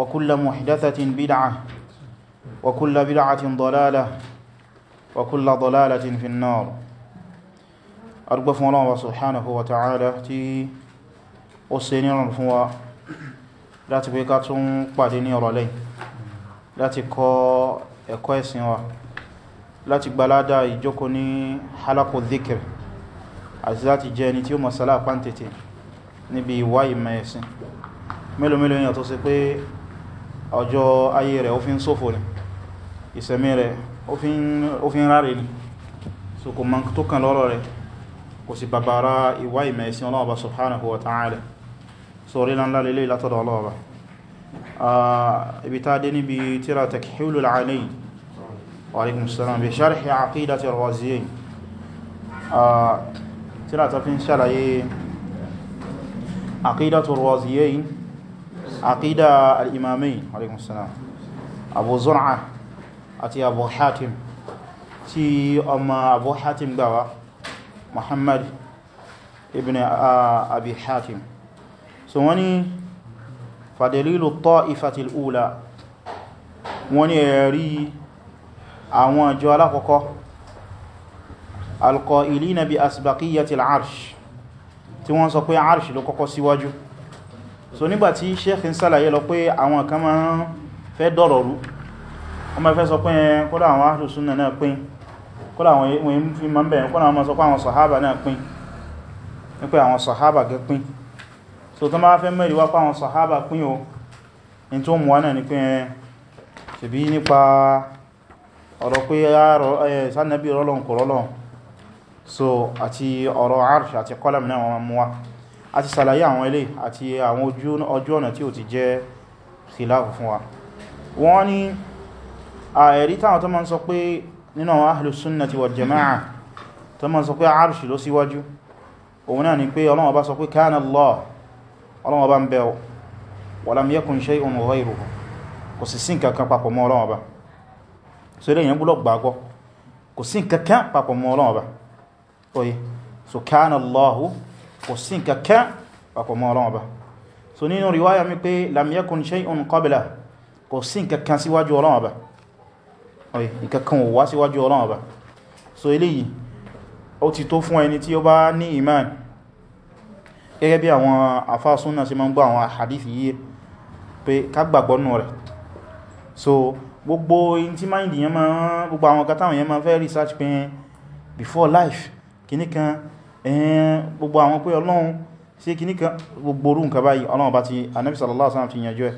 وكل محدثة بدعة وكل بدعة ضلالة وكل ضلالة في النار أرقف الله سبحانه وتعالى تي أسنين الفوا لا تبقاتهم قادني رلي لا تكو ẹ̀kọ́ wa láti gbalada ìjókòó ní halakò zikir àti láti jẹ ẹni tí ó mọ̀sálà pàntètè níbi ìwá ìmẹ̀ ẹ̀sìn mélòmélò èyàn tó ṣe pé ọjọ́ ayé rẹ̀ ó fi ń ṣòfò ní ìsẹ̀mí rẹ̀ ó fi ń ráre ní so kò mọ̀ tó kàn lọ́rọ̀ rẹ̀ kò sí bàbára ìwá ìmẹ̀ ìsìn ọlọ́ọ̀bá subhanahu wa ta'ala so rí lánlá lélé látọ̀dọ̀ ọlọ́ọ̀bá ibi tá dé níbi tíra takhilul alayn wa alaikum salam bi sharhi aqidati ar tíra ta fi ń ṣàlàyé aqidatu ar عقيدة الإمامين عليكم السلام أبو زرعة أتي أبو حاتم تي أما أبو حاتم قوى محمد ابن أبي حاتم سواني فدليل الطائفة الأولى wọ́n ẹ̀rí àwọn àjọ alákọ̀ọ́kọ́ alqa'ilina bi asbaqiyyati al-arsh tí wọ́n sọ pé arsh ló kọ́kọ́ síwájú si so nígbàtí sheikh ń sàlàyé lọ pé àwọn kan máa fẹ́ dọ̀rọ̀ rú wọ́n máa fẹ́ sọ pé kódà àwọn ahlu náà pín kódà àwọn èèyàn fi máa bẹ̀rẹ̀ kódà àwọn sọ pé àwọn sàhábà náà pín ní àwọn sàhábà gẹ́ pín so tó máa fẹ́ mẹ́rin wá pé àwọn sàhábà pín a ti sàlàyé àwọn ilé àti àwọn ojú ọ̀nà tí ó ti jẹ́ khilafu fún wa wọ́n ní àẹ̀rí táwọn tó ma ń sọ pé nínú àwọn ahlu sunnati wal jama'a tó ma ń sọ pé arṣì ló síwájú òun náà ni pé Ọlọ́hun Ọba sọ pé kana Allah Ọlọ́hun Ọba kò sí kẹ́kẹ́ papọ̀ mọ́ Ọlọ́run Ọba so nínú riwaya mi pé lam yakun shay'un qabla kò sí kẹ́kẹ́ síwájú Ọlọ́run Ọba ọ̀yí ìkẹ́kẹ́ ò wá síwájú Ọlọ́run Ọba so eléyìí ó ti tó fún ẹni tí ó bá ní iman gẹ́gẹ́ bí àwọn afásúnnà sí ma ń gbọ́ àwọn hadith yìí pé ká gbàgbọ́ nù rẹ̀ so gbogbo in tí máìndì yẹn ma gbogbo àwọn katáwọn yẹn ma fẹ́ research pé before life kìníkan ẹ̀yẹn gbogbo àwọn pé ọlọ́run sí kì níkan gbogbo orú nǹkan báyìí ọlọ́run bá ti anábì sallallahu alaihi wasallam ti yanjú ẹ̀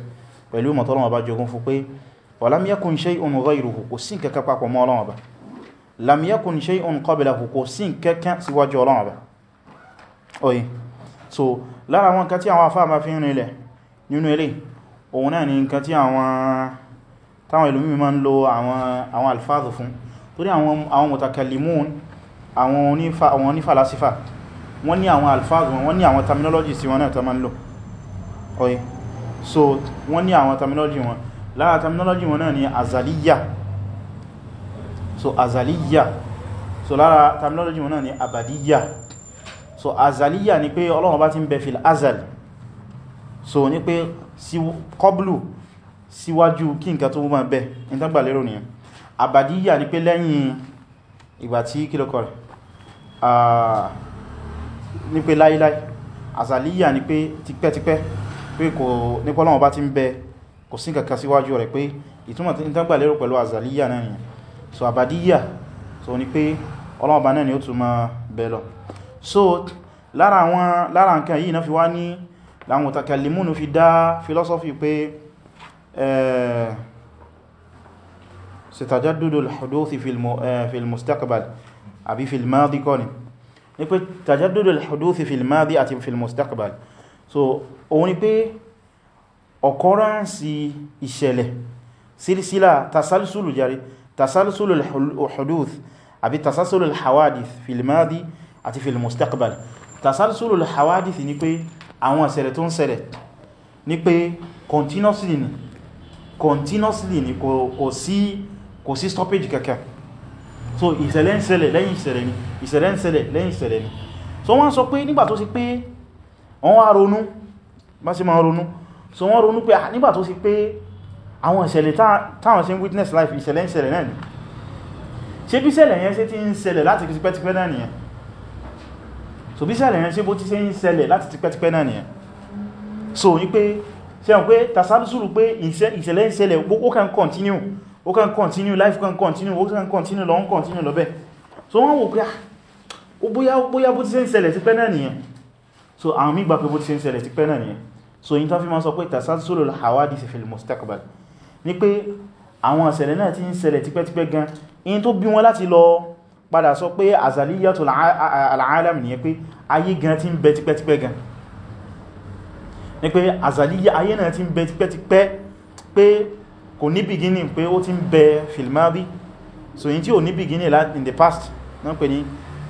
pẹ̀lú ìmọ̀ tọ́lọ́run bá jogún fún pé wa lam yakun shay'un ghayruhu kò sí nǹkan kan papọ̀ mọ́ ọlọ́run bá lam yakun shay'un qablahu kò sí nǹkan kan síwájú ọlọ́run bá oye so lára àwọn nǹkan tí àwọn afá torí àwọn mutakallimun àwọn onífàlásífà wọ́n ní àwọn alfáàzù wọ́n ní àwọn terminology sí wọn náà tó máa ń lò oye so wọ́n ní àwọn terminology wọn lára terminology wọn náà ni azaliya so azaliya so lára terminology wọn náà ni abadiya so azaliya ni pé Ọlọ́run bá ti ń bẹ fil azal so ni pé kọblu síwájú kí nǹkan tó mọ́ bẹ́ ìtàgbà lérò nìyàn abadiya ni pé lẹ́yìn ìgbà tí kílọ̀kọ̀ rẹ̀ ní pé láíláí azaliya ni pé tipẹ́tipẹ́ pé kò nípa Ọlọ́run bá ti ń bẹ kò sí kankan síwájú rẹ̀ pé ìtumọ̀ tí ń gbà lérò pẹ̀lú azaliya náà nìyẹn so abadiya so ni pé Ọlọ́run bá náà ni ó tún bẹ lọ so lára àwọn lára nǹkan yìí náà fi wá ní láwọn òtàkàlìmúnù fi dá philosophy pé ṣe tajadudul huduthi fil mustaqbal àbí fil madi kọ́ ni ní pé tajaddud al-huduth fil madi àti fil so òun ni pé occurrence ìṣẹ̀lẹ̀ silsila tasalsulu jari tasalsulu al-huduth àbí tasalsulu al-hawadith fil madi àti fil mustaqbal tasalsulu al-hawadith ni pé àwọn ìṣẹ̀lẹ̀ tó ń ṣẹlẹ̀ ni pé continuously ni continuously ni kò sí kò sí stoppage kankan so ìṣẹ̀lẹ̀ ń ṣẹlẹ̀ lẹ́yìn ìṣẹ̀lẹ̀ ni ìṣẹ̀lẹ̀ ń ṣẹlẹ̀ lẹ́yìn ìṣẹ̀lẹ̀ ni so wọ́n sọ pé nígbà tó sì pé wọ́n wá ronú bá sí ma ronú so wọ́n ronú pé nígbà tó sì pé àwọn ìṣẹ̀lẹ̀ táwọn sí witness life ìṣẹ̀lẹ̀ ń ṣẹlẹ̀ náà ni ṣe bí ṣẹlẹ̀ yẹn ṣe ti ń ṣẹlẹ̀ láti tipẹ́tipẹ́ náà nìyẹn so bí ṣẹlẹ̀ yẹn ṣe bó ti ṣe ń ṣẹlẹ̀ láti tipẹ́tipẹ́ náà nìyẹn so ní pé ṣe hàn pé tasálùsùrù pé ìṣẹ̀lẹ̀ ń ṣẹlẹ̀ ó kàn continue ó kàn continue life kàn continue ó kàn continue lọ ń continue lọ bẹ́ so wọ́n wò pé ah, ó bóyá bóyá bó ti ṣe ń ṣẹlẹ̀ ti pẹ́ náà nìyẹn so àwọn mígbà pé bó ti ṣe ń ṣẹlẹ̀ ti pẹ́ náà nìyẹn so yí tán fi máa sọ pé tasalsulul hawadith fil mustaqbal ní pé àwọn ìṣẹ̀lẹ̀ náà ti ń ṣẹlẹ̀ tipẹ́tipẹ́ gan in tó bí wọn láti lọ padà sọ pé azaliyatul alalam nìyẹn pé ayé gan ti ń bẹ tipẹ́tipẹ́ gan ní pé azaliya ayé náà ti ń bẹ tipẹ́tipẹ́ pé kò ní beginning pé ó ti ń bẹ filmadi so yí tí ò ní beginning in the past náà pè ní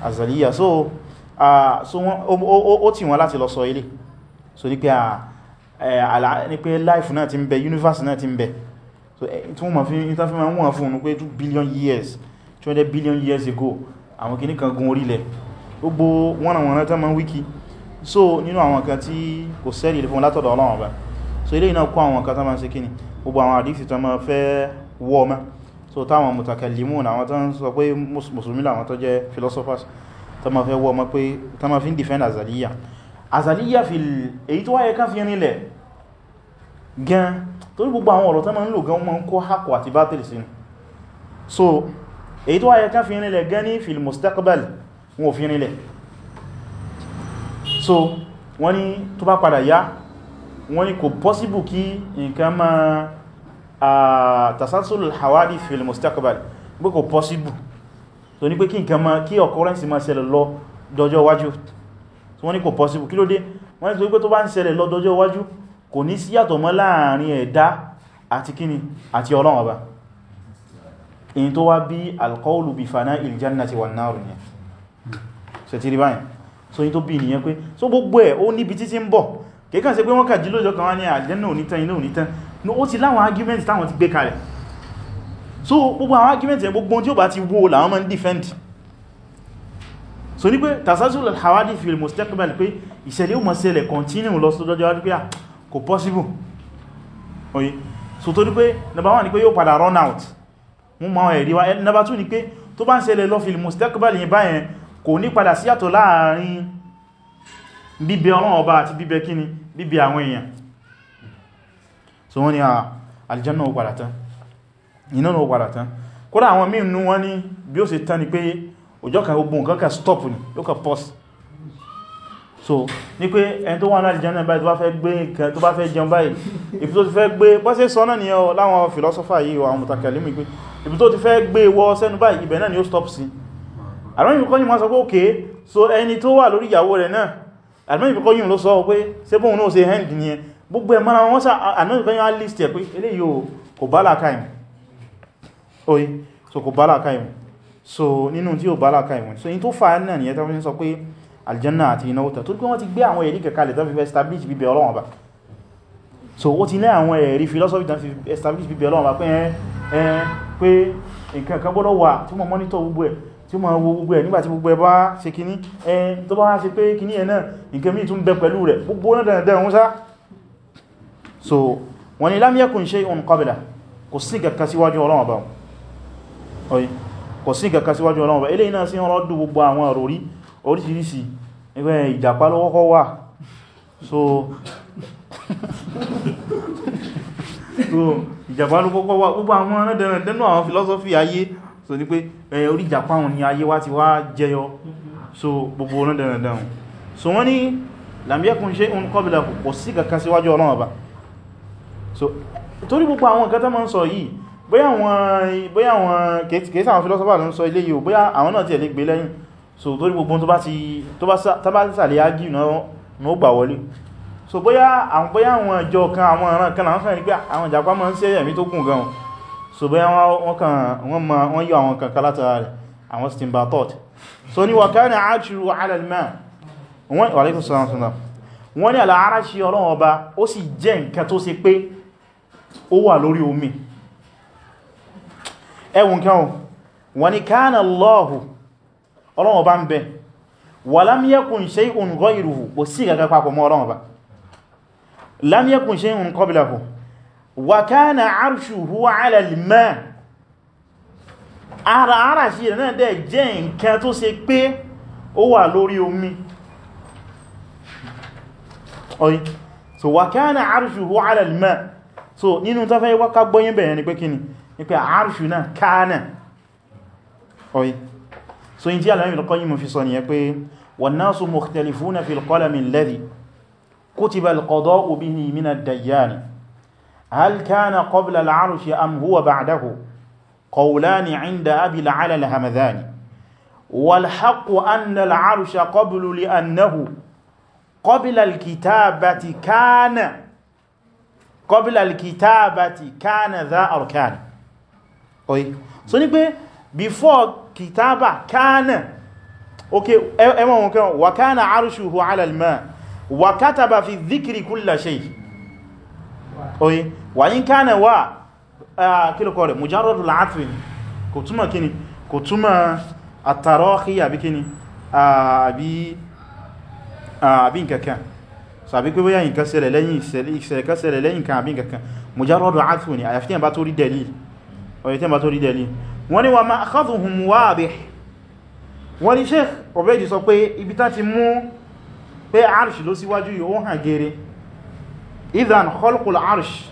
azaliya so ó tì wọ́n láti lọ sọ ilé so ní pé ní pé life náà ti ń bẹ universe náà ti ń bẹ so tí wọ́n ma fi ìtafẹ́ ma wọ́n fún un pé 2 billion years 200 billion years ago àwọn kìíní kan gun orílẹ̀ gbogbo wọ́n àwọn ọ̀nà tán ma ń wiki so nínú àwọn kan tí kò sẹ́rì ilé fún látọ̀dọ̀ Ọlọ́run ọba so ilé iná kó àwọn kan tán ma ń ṣe kíni gbogbo àwọn àdífì tó máa fẹ́ wọ́ ọmọ so táwọn mutakallimun àwọn tó ń sọ pé mùsùlùmí làwọn tó jẹ́ philosophers tó máa fẹ́ wọ́ ọmọ pé tó máa fi ń defend azaliya azaliya fi èyí tó wáyé ká fi rinlẹ̀ gan torí gbogbo àwọn ọ̀rọ̀ tó máa ń lò gan wọn kó hakọ àti bátìlì sí so èyí tó wáyé ká fi rinlẹ̀ gan ní fil mustaqbal wọn fi rinlẹ̀ so wọ́n ní tó bá padà yá wọ́n ní kò possible kí nǹkan ma tasasul hawadi fil mustaqbal pé kò possible so ní pé kí nǹkan ma kí occurrence ma ṣẹlẹ̀ lọ dọjọ́ wájú so wọ́n ní kò possible kí ló dé wọ́n ní so pé tó bá ń ṣẹlẹ̀ lọ dọjọ́ wájú kò ní sí yàtọ̀ mọ́ láàrin ẹ̀dá àti kíni àti Ọlọ́run Ọba bi ni ṣe ti so in tó bí nìyẹn so gbogbo ẹ̀ ó níbi títí ń bọ̀ kìíkàn ṣe pé wọ́n kà jí kan wá ní àlìjẹ́nà onítán iná onítán no ó ti láwọn argument táwọn ti gbé kalẹ̀ so gbogbo àwọn argument yẹn gbogbo tí ó bá ti wó làwọn máa ń defend so ní pé tasazul alhawadi fi mustaqbal pé ìṣẹ̀lẹ̀ ó máa ṣẹlẹ̀ continue lọ sí lọ́jọ́ wájú pé à ah, kò possible so tó ní pé number one run out mú ma ẹ̀rí wa eh, number two ni pé tó bá ń ṣẹlẹ̀ lọ fi mustaqbal yẹn báyẹn kò ní padà síyàtọ̀ láàrin bíbẹ ọlọ́run ọba àti bíbẹ kíni bíbí àwọn èèyàn so wọ́n ni aljanna ah, ó padà tán iná ó padà tán kódà àwọn míì nú wọ́n ní bí ó ṣe tán ni pé òjò kan gbogbo nǹkan kan stop ni yóò kan pause so ní pé ẹni tó wà ní aljanna báyìí tó bá fẹ́ gbé nǹkan tó bá fẹ́ jẹun báyìí ibi tó ti fẹ́ gbé bọ́ sí sọ́nà ni ọ láwọn philosopher yìí àwọn mutakalimi pé ibi tó ti fẹ́ gbé wọ sẹ́nu báyìí ibẹ̀ náà ni ó stop sí àwọn ìbùkọ́ ni wọ́n sọ pé okay so ẹni tó wà lórí ìyàwó rẹ̀ náà àdínmọ́bìkọ́ yìí ló sọ pé ṣe bóhun náà ṣe hand ní ẹ gbogbo ẹ mara wọn sá àdínmọ́bìkọ́ yìí á list ẹ pé eléyìí kò bá làákàyè mu oye so kò bá làákàyè mu so nínú tí ó bá làákàyè mu so in tó fa náà nìyẹn tó fi sọ pé aljanna àti iná òtà tó pé wọ́n ti gbé àwọn ẹ̀rí kẹkàlẹ̀ tó fi establish bíbẹ̀ ọlọ́wọ́n ba so ó ti ní àwọn ẹ̀rí philosophy tó fi establish bíbẹ̀ ọlọ́wọ́n ba pé ẹ pé nǹkan kan gbọ́dọ̀ wà tí mo monitor gbogbo ẹ̀ tí ma wo gbogbo ẹ̀ nígbàtí gbogbo ẹ bá ṣe kíní ẹn tó bá ṣe pé kíní ẹ̀ náà nǹkan mí tún bẹ pẹ̀lú rẹ̀ gbogbo náà dandan ń sá so wọ́n ni lam yakun shay'un qabla kò sí kàkà síwájú Ọlọ́run bá kò sí kàkà síwájú Ọlọ́run bá eléyìí náà sí ọ̀rọ̀ dù gbogbo àwọn àròrí oríṣiríṣi ẹgbẹ́ ìjàpá lọ́wọ́kọ́ wà so so ni pé orí ìjàpá wọn ni ayé wá ti wá jẹyọ so gbogbo oní dandan so wọ́n ní lam yakun shay'un qablahu kò sí kankan síwájú ọlọ́run ọba so torí gbogbo àwọn nǹkan tó máa ń sọ yìí bóyá àwọn bóyá àwọn kèésì àwọn philosopher ló ń sọ ilé yìí bóyá àwọn náà ti ẹ̀lẹ́ gbé lẹ́yìn so torí gbogbo tó bá ti tó bá sàlẹ̀ ágì náà ó gbà wọlé so bóyá àwọn bóyá àwọn ìjọ kan àwọn ọ̀ràn kan láwọn fẹ́ ní pé àwọn ìjàpá máa ń sí ẹ̀yẹ̀mí tó so bóyá wọ́n kàn wọ́n ma wọ́n yọ àwọn kankan látara rẹ̀ àwọn stimba thought so ni wà kana arshu ala al-ma wọ́n wà lẹ́kùn sọ́nà sọ́nà wọ́n ni al-arshi ọlọ́wọ́ ọba ó sì jẹ́ nǹkan tó ṣe pé ó wà lórí omi ẹwùn kẹwọn wọ́n ni kana وكان عرشه على الماء ara ara sí rẹ̀ náà dẹ̀ jẹ́ nǹkan tó ṣe pé ó wà lórí omi ọ̀yí so wa kana arshuhu ala al-ma so nínú tó fẹ́ wákà gbọ́yìn bẹ̀rẹ̀ ni pé kíni ni pé arshu náà kana ọ̀yí so in tí Al-Imam Al-Qayyim fi sọ ni pé wan-nasu mukhtalifuna fi al-qalami هل كان قبل العرش أم هو بعده قولان عند أبي العلى الهمذاني والحق أن العرش قبل لأنه قبل الكتابة كان قبل الكتابة كان ذا أركان oye so ní before كتابة كان okay ẹ mọ̀ wọn kan wa kana arshuhu ala al ma wa oye wà yí kánẹ̀ wà kílùkọ́ rẹ̀ mujarradul atfi kò túmọ̀ kíni kò túmọ̀ at-tarahi àbí kíni àbí nkankan so àbí pé bóyá nǹkan ṣẹlẹ̀ lẹ́yìn ìṣẹ̀lẹ̀kan ṣẹlẹ̀ lẹ́yìn kan àbí nkankan mujarradul atfi ni àyàfi tí a bá tó rí dalil oye tí a bá tó rí dalil wọ́n ni wà ma akhadhuhum idan khalqul arsh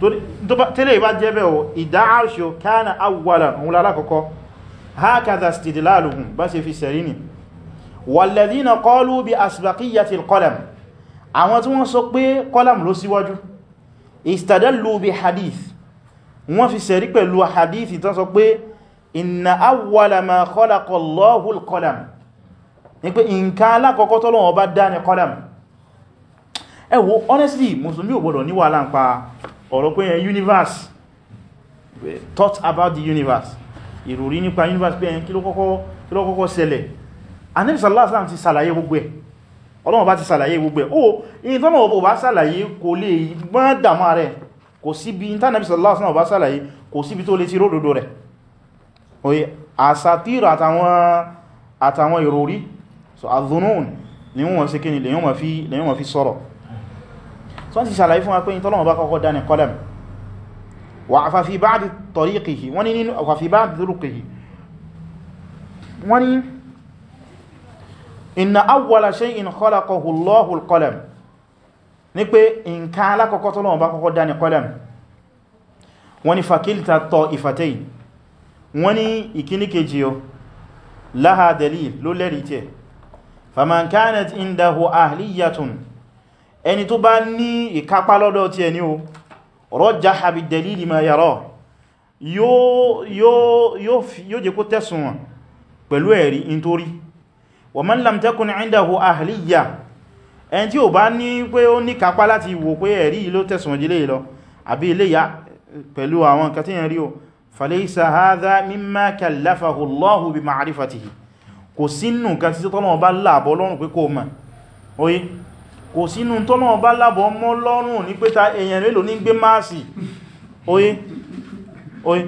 tẹ́lẹ̀ ìbá jẹ́bẹ̀ o ìdá arsh o kana awwalan òun lálákọ́kọ́ hakadha istidlaluhum bá se fi sẹ̀rí ni walladhina qalu bi asbaqiyyati alqalam àwọn tí wọ́n sọ pé qalam ló síwájú istadallu bi hadith wọ́n fi sẹ̀rí pẹ̀lú hadith tán sọ pé inna awwala ma khalaqa Allahu alqalam ní pé nǹkan alákọ̀ọ́kọ́ tọ́lọ́wọ́ ẹ wò honestly mùsùlùmí ò gbọdọ̀ ní wàhálà ń pa ọ̀rọ̀ pé universe thought about the universe ìròrí nípa universe pé kí ló kọ́kọ́ ṣẹlẹ̀ Ànábì sallallahu alaihi wasallam ti ṣàlàyé gbogbo ẹ̀ Ọlọ́run bá ti ṣàlàyé gbogbo ẹ̀ o in tọ́nà ọ̀pọ̀ bá ṣàlàyé kò lè gbọ́n dàmà rẹ̀ kò síbi in tánàbí sallallahu alaihi wasallam bá ṣàlàyé kò síbi tó lè ti ródòdó rẹ̀ oye àsàtírà àtàwọn ìròrí so azunun ni wọ́n ṣe kí ni lèyàn ma fi sọ̀rọ̀ tó ń sì sàlàyé fún wa pé ìtọ́lọ́wọ́ bá kọ́kọ́ dá ní kọ́lẹ̀m wà àfàfí bá di tọ̀ríkìhì wọ́n ni nínú àfàfí bá di rúkìhì wọ́n ni inna awwala shay'in khalaqahu Allahu al-qalam ní pé nǹkan alákọ̀ọ́kọ́ tọ́lọ́wọ́ bá kọ́kọ́ dá ní ẹni tó bá ní ìkápá lọ́dọ̀ ti ẹni o rọ́jà àbí dẹ̀lìlì ma yàrá yóò jẹ́ kó tẹ́sùn wọn pẹ̀lú ẹ̀rí nítorí wa man lam takun indahu ahliya ẹni tí ó bá ní pé ó ní kápá láti wò pé ẹ̀rí ló tẹ́sùn jílé lọ àbí ilé ya pẹ̀lú àwọn nǹkan yẹn rí o falaysa hadha mimma kallafahu Allahu bi kò sínú nǹkan tí bá láàbọ̀ lọ́rùn pé kó mọ̀ kò sínú tọ́lọ̀ bá lábọ̀ mọ́ lọ́rùn ní pẹ́ta èèyàn rẹ̀ ló ní gbé máàsì oye oye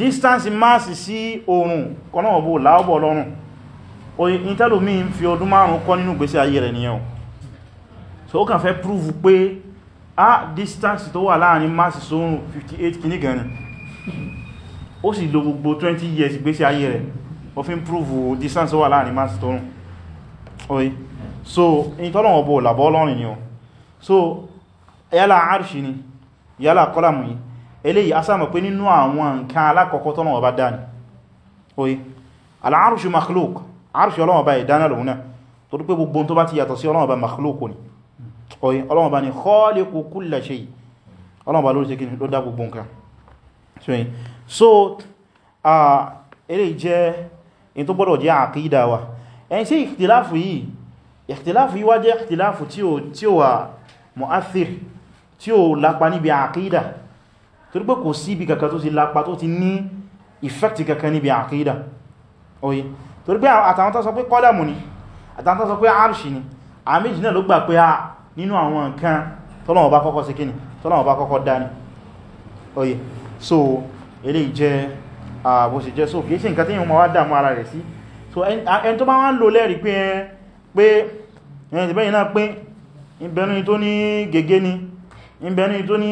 distance máàsì sí oòrùn kọ́nà ọ̀bọ̀ láọ́bọ̀ lọ́rùn oye intellomi ń fi ọdún márùn kọ́ nínú gbésí ayé rẹ̀ nìyẹn so ó kàn fẹ́ prove pé a distance tó wà láàrin 58 kìíní gan ni ó 20 years gbésí ayé rẹ̀ ó fi ń distance tó wà láàrin máàsì sóòrùn oye so in tọ́lọ̀wọ̀ bó làbọ́ lọ́rin ni o so yálà arṣi ni yálà kọ́làmù yìí eléyìí a sáàmà pé nínú àwọn nǹkan alákọ̀ọ́kọ́ tọ́lọ̀wọ̀ bá dáni oye al'arṣu makhluk arṣi ọlọ́wọ̀ bá ìdáná lòun náà tó dúpé gbogbo tó bá ti yàtọ̀ sí ọlọ́wọ̀ bá makhluk ni oye ọlọ́wọ̀ bá ni khaliqu kulla shay ọlọ́wọ̀ bá lórí ṣe kí ni ló dá gbogbo nǹkan so ah, eléyìí jẹ́ in tó gbọ́dọ̀ jẹ́ àkídà wa ẹ̀yìn sí ìtìláfù ìtìláàfù yíwá jẹ́ ìtìláàfù tí ó wà mu'athir tí ó lápa níbi àkídà torí pé kò sí ibi kankan tó ti lápa tó ti ní ìfẹ́kti kankan níbi àkídà oye torí pé àtàwọn tó sọ pé kọ́lẹ̀mù ni àtàwọn tó sọ pé arṣì ni àmìjì náà ló gbà so eléyìí jẹ́ àbò sì jẹ́ so kìí ṣe nǹkan tí yíò ma wá dàmú ara so ẹni tó bá wá ń lo pé ẹ̀yìn ti bẹ́yìn náà pé ìbẹ̀nu tó ní gègé ni ìbẹ̀nu tó ní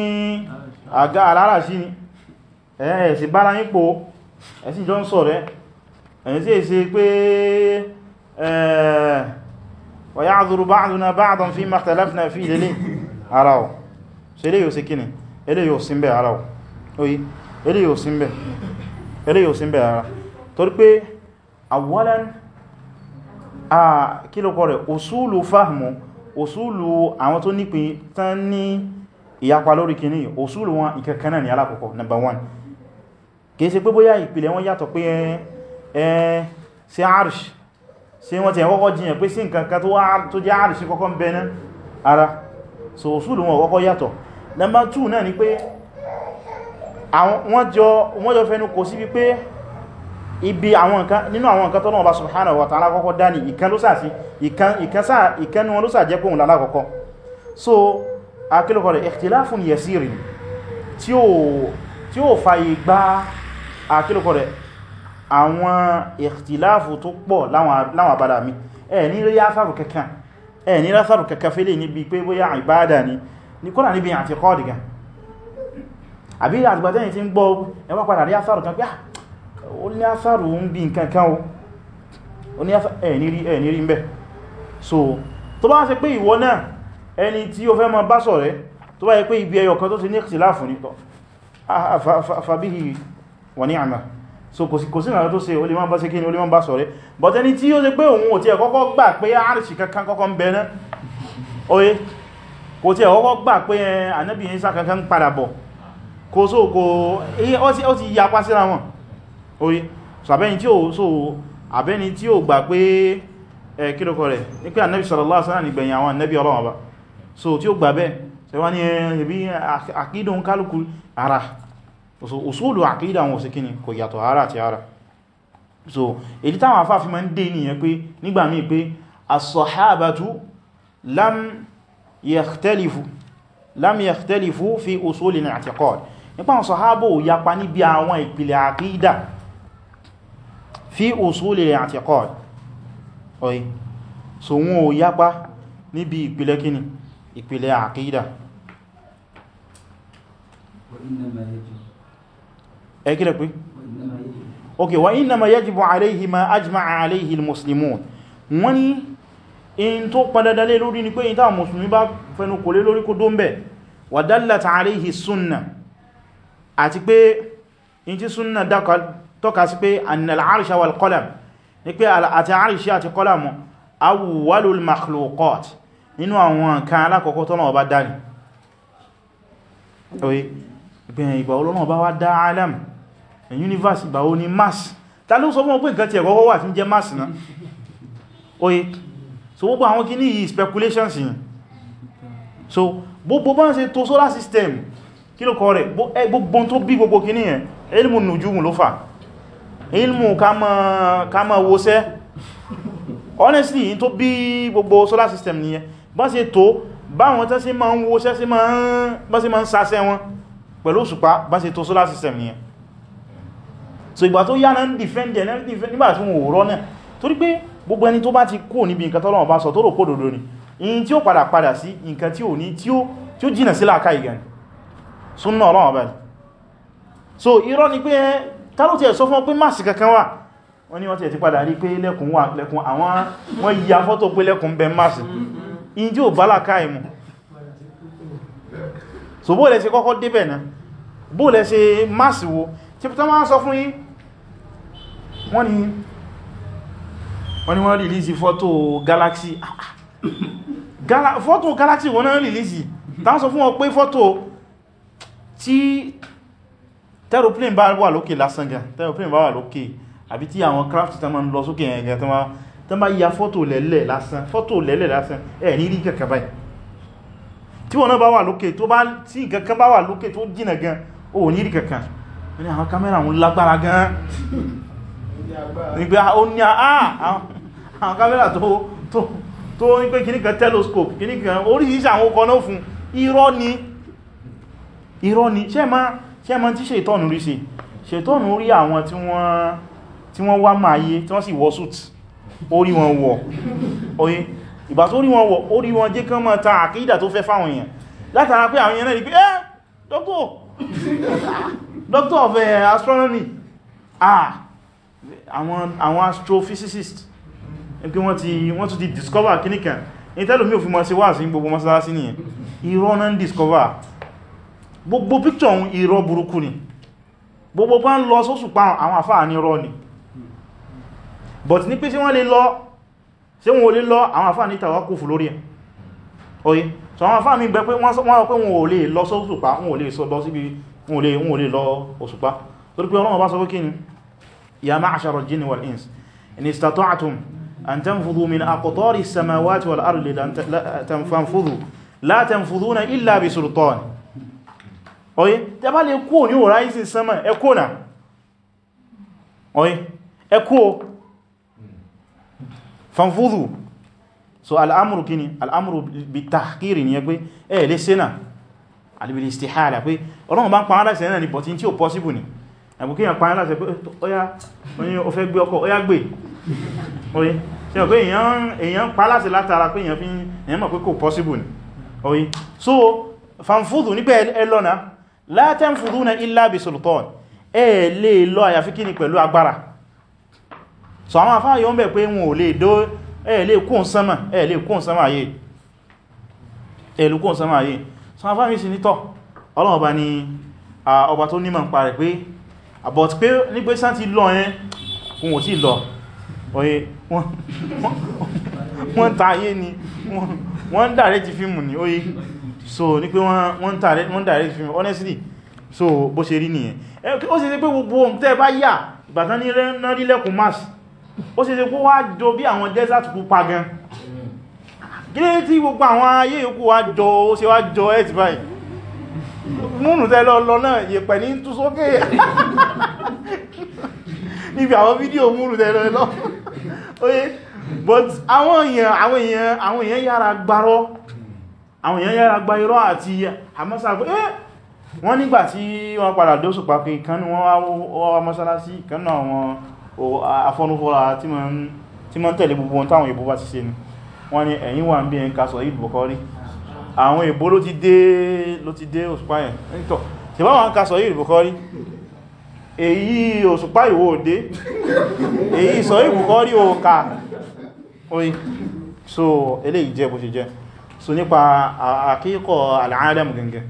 àga alára sí ni ẹ̀yìn sì bára yípo ẹ̀sìn jọ ń sọ rẹ̀ ẹ̀yìn sí èsì pé wa ya'dhuru ba'duna ba'dan fima ikhtalafna fihi lélẹ̀ ara ọ̀ so ilé Ah, kílòkọ rẹ̀ òsúlù fahmù òsúlù àwọn tó nípin tán ní ìyapa lórí kìíní òsúlù wọn ìkẹ̀kẹ́ náà ní alákọ̀ọ́kọ́ number one kìí ṣe pé bóyá ìpìlẹ̀ wọn yàtọ̀ pé ẹ sí arṣ sí wọ́n ti ẹ̀kọ́kọ́ jiyàn pé sí nǹkan tó jẹ́ arṣ kọ́kọ́ ń bẹ̀ẹ́ná ara so òsúlù wọn kọ́kọ́ yàtọ̀ number two náà ni pé wọ́n jọ fẹnu kò sí wípé ibi àwọn nǹkan nínú àwọn nǹkan tọ́lọ́wọ́ bá subhanahu wa ta'ala kọ́kọ́ dání ìkan ló sáàsí ìkan ní wọn ló sàjẹ́ kóhùn lálákọ́kọ́ so akílùkọ́ rẹ̀ ikhtilafun yasirin tí ó fàyè gba akílùkọ́ rẹ̀ àwọn ikhtilafu tó pọ̀ láwọn abada mi ẹ̀ ní rí áfàrù kankan ẹ̀ ní ráfàrù kankan fẹ́lẹ̀ níbi pé bóyá ìbádà ni ní kọ́nà níbi àti kọ́ọ̀dìgan àbí àgbàtẹ́yìn ti ó ní afárù ń bí nǹkan kan ó ní ẹ̀ẹ̀nírí ẹ̀ẹ̀nírí mẹ́ so tó bá ṣe pé ìwọ náà ẹni tí ó fẹ́ mọ bá sọ rẹ̀ tó bá yẹ pé ibi ẹyọ kan tó ti ní ìtìláàfù ní tọ́ àfàbíhì wà ní àmà so kò sí ìrànlọ́ tó ṣe ó lè má bá ṣe kí ni lè má bá sọ rẹ̀ but ẹni tí ó ṣe pé òun ò tí ẹ̀ gbà pé àrìsì kankan kọ́kọ́ ń bẹ oye kò tí ẹ̀ gbà pé eh, ànábì Ìsá kankan padà bọ̀ kò so kò eh, ó ti yapa síra wọn orí so abẹ́ni tí ó so abẹ́ni tí ó gbà pé ẹ e, kílòkọ rẹ̀ ní pé annabi sallallahu alaihi wasallam ní gbẹ̀yìn àwọn annabi ọlọ́wọ́ bá so tí ó gbà bẹ́ ṣe wá ní ẹbí àkídùn kálùkù ara so usulu àkídà wọn sí kíni kò yàtọ̀ ara àti ara so èdí táwọn afá fi ma ń dé nìyẹn as-sahabatu lam yakhtalifu lam yakhtalifu fi usulil i'tiqad nípa àwọn sọ̀hábà ò yapa níbi àwọn ìpìlẹ̀ fi usulil i'tiqad ọ̀yí so wọn ò yápa níbi ìpìlẹ̀ kíni ìpìlẹ̀ àkídà ẹkílẹ̀ pé ok wa innama yajibu alayhi ma ajma'a alayhi al-muslimun wọ́n ní in tó padàdalé lórí ni pé in táà musulmi bá fẹnu kò lé lórí kó dó ń bẹ̀ wa dallat sunna àti pé in ti sunna dákàlù tọ́ka sí pé annal arsha wal qalam ní pé àti arṣi àti qalam awwalul makhluqat nínú àwọn nǹkan alákọ̀ọ́kọ́ tọ́nà ọba dání oye ìgbẹ̀yìn ìgbà olóòrùn ọba wá dá alam universe ìgbà ní mass ta ló sọ fún ọgbẹ́ nǹkan tí ẹ̀kọ́kọ́ wà tí ń jẹ́ mass náà oye so gbogbo àwọn kí ní yìí speculations yìí so gbogbo ilmu ká ma wọ́sẹ́ honestly in tó bí gbogbo solar system nìyẹn bá ṣe tó báwọn tẹ́ sí ma ń wọ́sẹ́ sí ma ń sasẹ́ wọn pẹ̀lú òṣùpá bá ṣe tó solar system nìyẹn so ìgbà tó yá náà ń defend ẹ̀ nígbàtí wọn ò rọ́ náà torí pé gbogbo ẹni tó bá ti kú níbi nǹkan tọ́lọ́wọ́ bá sọ tó rò kódòdó ni in tí ó padà padà sí nǹkan tí ò ní tí ó jìnà sí láàká ìgàn súnnà ọlọ́wọ́ so irọ́ ni pé tàbí tí ẹ̀ sọ fún pé máàsì kankan wà wọ́n ní wọ́n ti ti padà rí pé lẹ́kùn wà lẹ́kùn àwọn wọ́n yí afọ́tò pé lẹ́kùn bẹ máàsì in jí ò bá láká ìmù so bóò lẹ́ ṣe kọ́kọ́ débẹ̀ náà bóò lẹ́ ṣe máàsì wo tí pẹ́ tán máa sọ fún yín wọ́n ní wọ́n galaxy fọ́tò galaxy wọ́n náà rìlísì tán sọ fún tẹ́rọplane bá wà lókè lásán gan tẹ́rọplane bá wà lókè àbí tí àwọn craft tán ma ń lọ sókè yẹn gan tán bá ya fọ́tò lẹ́lẹ̀ lásán fọ́tò lẹ́lẹ̀ lásán ẹ̀ ní rí kankan báyìí tí wọ́n náà bá wà lókè tó bá tí kankan bá wà lókè tó jìnà gan ò ní rí kankan wọ́n ni àwọn kámẹ́rà wọn lágbára gan nígbà ó ní àwọn kámẹ́rà tó ní pé kìníkan telescope irọ́ ni irọ́ ni ṣe máa ṣe mọ́ tí ṣètọ́nù rí sí ṣètọ́nù rí àwọn tí wọ́n wá máa yé tí wọ́n sì wọ́ suit orí wọn wọ̀ oye ìgbà tó rí wọn wọ̀ orí wọn jẹ́ kán mọ́ ta àkídà tó fẹ́ fáwọn èèyàn látara pé àwọn èèyàn náà rí pé eh doctor doctor of uh, astronomy ah àwọn astrophysicist pé wọ́n ti wọ́n tún ti discover kíníkan ní tẹ́lòmí òfin mọ́ sí wáàsí gbogbo mọ́sálásí nìyẹn irọ́ náà discover gbogbo picture ohun irọ́ burúkú ni gbogbo bá ń lọ sóṣùpá àwọn àfáà ní irọ́ ni but ní pé sí wọ́n lè lọ sí wọ́n lè lọ àwọn àfáà ní tàwákùfù lórí ẹ̀ oye so àwọn àfáà mi gbẹ pé wọ́n sọ pé wọn ò lè lọ sóṣùpá wọn ò lè sọ lọ síbi wọn ò lè lọ òṣùpá torí pé Ọlọ́run bá sọ pé kí ni ya ma'ashara jinni wal ins in istata'tum an tanfudhu min aqtari samawati wal ardi lan tanfudhu la tanfudhuna illa bi sultan ọ̀yẹ́ tẹ bá lè kúò ní òrá ìsìn sánmà ẹkò náà ọ̀yẹ́ ẹkò fanfúdù so al'amuru kini al'amuru bi tahkiri ni ẹgbẹ́ ẹ̀ lè sẹ́nà alìbìlì istihala pé ọlọ́run bá ń pàánà sí ẹ̀nà ní bọ̀tí tí ó pọ́síbù ni ẹ̀bùkíyàn pàánà sí pé ọya oyin o fẹ́ gbé ọkọ̀ ọya gbé oyin tí ó pé èyàn pàánà sí látara pé èyàn mọ̀ pé kò pọ́síbù ni oyin so fanfúdù nígbẹ̀ ẹlọ́nà la tanfuduna illa bi sultan ẹ lè lọ àyàfi kí ni pẹ̀lú agbára so àwọn afá yóò bẹ̀ pé wọn ò lè dó ẹ lè kún sánmà ẹ lè kún sánmà ayé ẹ lè kún sánmà ayé so afá mi sì nítọ̀ ọlọ́ọ̀bá ni ọba tó nímọ̀ ń parẹ̀ pé àbọ̀tí pé ta ayé ni wọ́n ń dàrẹ́ ti fíìmù ni oye so ní pé wọ́n direct film honestly so bó ṣe rí nìyẹn ó ṣe ṣe pé gbogbo ohun tẹ́ bá yà ìbàtán ní rí lẹ́kùn mars ó ṣe ṣe pé wá jọ bí àwọn desert pupa gan gílé tí gbogbo àwọn ayé yòókù wá jọ ó ṣe wá jọ ẹ̀ ti báyìí múnù tẹ́ lọ lọ náà yẹ̀pẹ̀ ní tú sókè níbi àwọn fídíò múnù tẹ́ lọ lọ oye but àwọn èèyàn àwọn èèyàn àwọn èèyàn yára gbarọ́ àwọn èèyàn yára gba irọ́ àti hamasa pé eh, wọ́n nígbà tí wọ́n padà dé òṣùpá pé kan ní wọ́n wá mọ́sálásí kan náà wọn afọ́núfọ́ra tí mọ́ tẹ̀lé gbogbo táwọn èbó bá ti ṣe ni wọ́n ni ẹ̀yìn wà ń bí ẹn kásọ̀ yìí bọ̀kọ́rí àwọn èbó ló ti dé ló ti dé òṣùpá yẹn nítọ̀ tí wọ́n wọ́n kásọ̀ yìí bọ̀kọ́rí èyí òṣùpá ìwò òdé èyí sọ ìbùkọ́rí òkà oye so nípa àkíkọ̀ al'adam gangan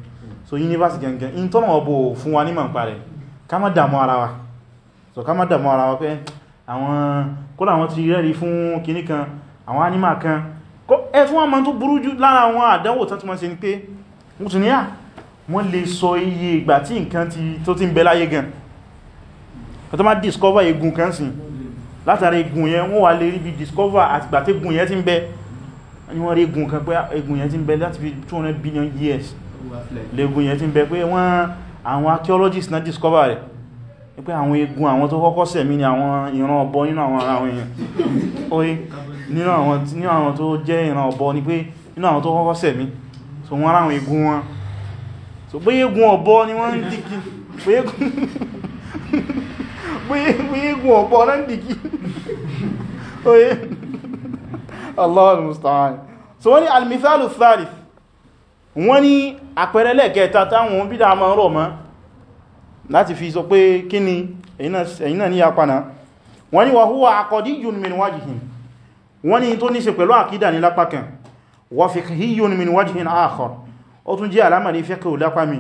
so universe gangan in tọ́nà ọbọ̀ fún wa ní ma ń ara wa so ká má dàmú ara wa pé àwọn kódà wọn ti rẹ́rí fún kìní kan àwọn anima kan ẹ fún wọn ma tó burú jù lára àwọn àdánwò tó túnmọ́ sí ni pé mùsùlùmíà ah, discover egun kan sí látara egun yẹn wọ́n wà lè rí bí ni wọ́n rí egun kan pé egun yẹn ti ń bẹ láti fi 200 billion years lẹ́gùn yẹn ti ń bẹ pé wọ́n àwọn archaeologists náà discover rẹ̀ pé àwọn egun àwọn tó kọ́kọ́ sẹ̀mí ni àwọn ìran ọ̀bọ nínú àwọn ara wọn èèyàn oye àwọn tó jẹ́ ìran ọ̀bọ ni pé nínú àwọn tó kọ́kọ́ sẹ̀mí so wọ́n ara egun wọn Allahul musta'an so wọ́n ní al-mithalu thalith wọ́n ní àpẹẹrẹ lẹ́ẹ̀kẹta táwọn bídá ma rọ̀ mọ́ láti fi sọ pé kí ni ẹ̀yin náà ní apana wọ́n ní wa huwa aqdiyyun min wajhin wọ́n ní tó ní ṣe pẹ̀lú àkídà ní lápá kan wa fiqhiyyun min wajhin akhar ó tún jẹ́ alámàrí fiqhu lápá mi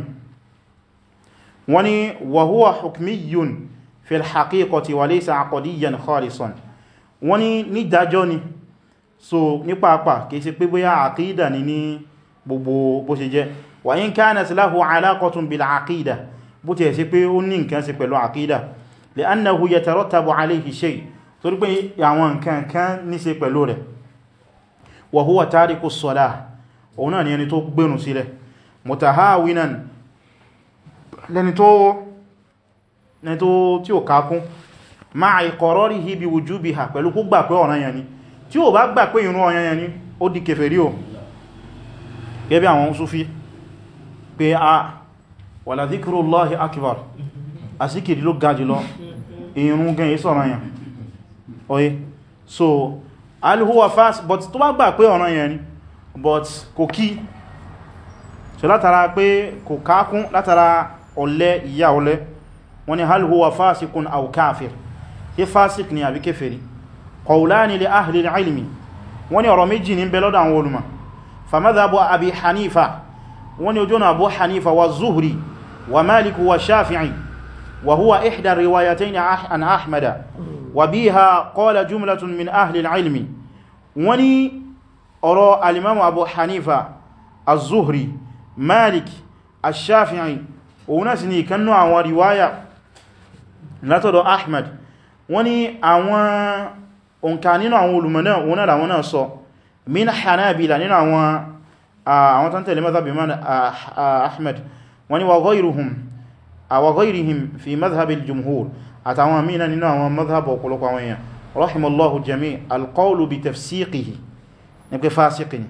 wọ́n ní wa huwa hukmiyyun fil haqiqati wa laysa aqdiyyan khalisan wọ́n ní ní dájọ́ ni so ní pàápàá kìí ṣe pé bóyá àkídà ni ní gbogbo bó ṣe jẹ́ wa in kanat lahu alaqatun bil àkídà bó ti ẹ̀ ṣe pé ó ní nǹkan ṣe pẹ̀lú àkídà li'annahu yatarattabu alayhi shay torí pé àwọn nǹkan kan ní ṣe pẹ̀lú rẹ̀ wa huwa tariku salah òun náà ni ẹni tó gbénu ma'a iqrarihi bi wujubiha pẹ̀lú kó gbà pé ọ̀ranyàn ni tí ó bá gbà pé ìrun ọ̀yanyàn ni ó di kèfèrí o gẹ́bí àwọn Súfí pé ah, a wàlá dhikrullahi akbar àsíkìrí ló ga jùlọ ìrun gan ìsọ̀ ọ̀ranyàn but tó bá gbà pé but kò kí so látara pé kò kákún látara ọ̀lẹ ìyá ọ̀lẹ wọ́n ni alhuwa fasikun aw kafir ṣe fasik ni àbí qawlani li ahli al-ilmi wọ́n ní ọ̀rọ̀ méjì ní bẹ lọ́dọ̀ àwọn olùmọ̀ fa madhabu abi hanifa wọ́n ní ojúna abu hanifa wa zuhri wa maliku wa shafi'i wa huwa ihda riwayatayn an ahmada wa biha qala jumlatun min ahli al-ilmi wọ́n ní ọ̀rọ̀ alimamu abu hanifa az-zuhri malik ash-shafi'i òun náà sì ní riwaya látọ̀dọ̀ ahmad wọ́n ní òǹkà nínú àwọn olùmọ̀ náà òun náà àwọn náà sọ min hanabila nínú àwọn àwọn tán tẹ̀lé mazhabi man ahmed wani wa ghayruhum wa ghayrihim fi mazhabi al-jumhur àtàwọn mìíràn nínú àwọn mazhab ọ̀pọ̀lọpọ̀ àwọn èèyàn rahimallahu jami alqawlu bi tafsiqihi ni pé fásíkì ni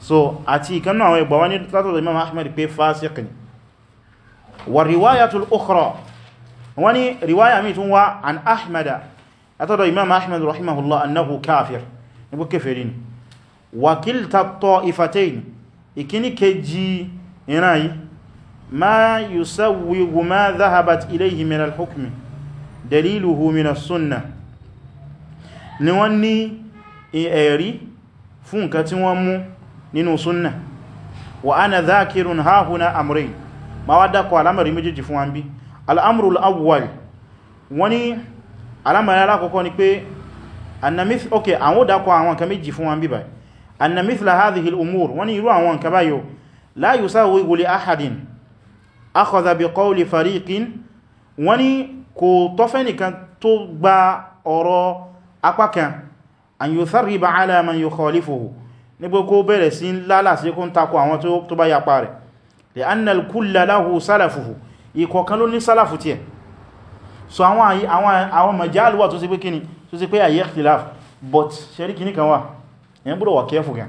so àti ìkanú àwọn ìgbà wá ní látọ̀dọ̀ imam ahmed pé fásíkì ni wà riwayatul ukhra wọ́n ni riwaya mi tún wá an ahmeda látọ̀dọ̀ imam ahmed rahimahullah annahu kafir ní bú kèfèrí ni wakilta ta'ifatain ìkíní kejì ìran yìí ma yusawwigu ma dhahabat ilayhi min al-hukmi daliluhu min as ni wọ́n ní ẹ̀rí fún nǹkan tí wọ́n mú nínú súnnà wa ana dhakirun hahuna amrayn ma wá dákọ̀ alamari méjèèjì fún wọn bí al'amurul awwal wani alamari alákọ̀ọ́kọ́ ni pé annamith ok àwọn dákọ̀ àwọn nǹkan méjì fún wọn bí báyìí annamith la hadhihi al'umur wani irú àwọn nǹkan báyìí la yusawi wuli ahadin akhadha bi qawli fariqin nígbé kó bẹ̀rẹ̀ sí lálà sí kún takò àwọn tó bá yapa rẹ̀ lè annal kulla lahu sálàfùfù ìkọ̀kan ló ní sálàfù tí ẹ̀ so àwọn majaluwa tó sí pé kíni tó sí pé àyẹ́ ikhtilaf but ṣẹ́rí kíní kan wà yẹn gbọ́dọ̀ wà kẹfù gan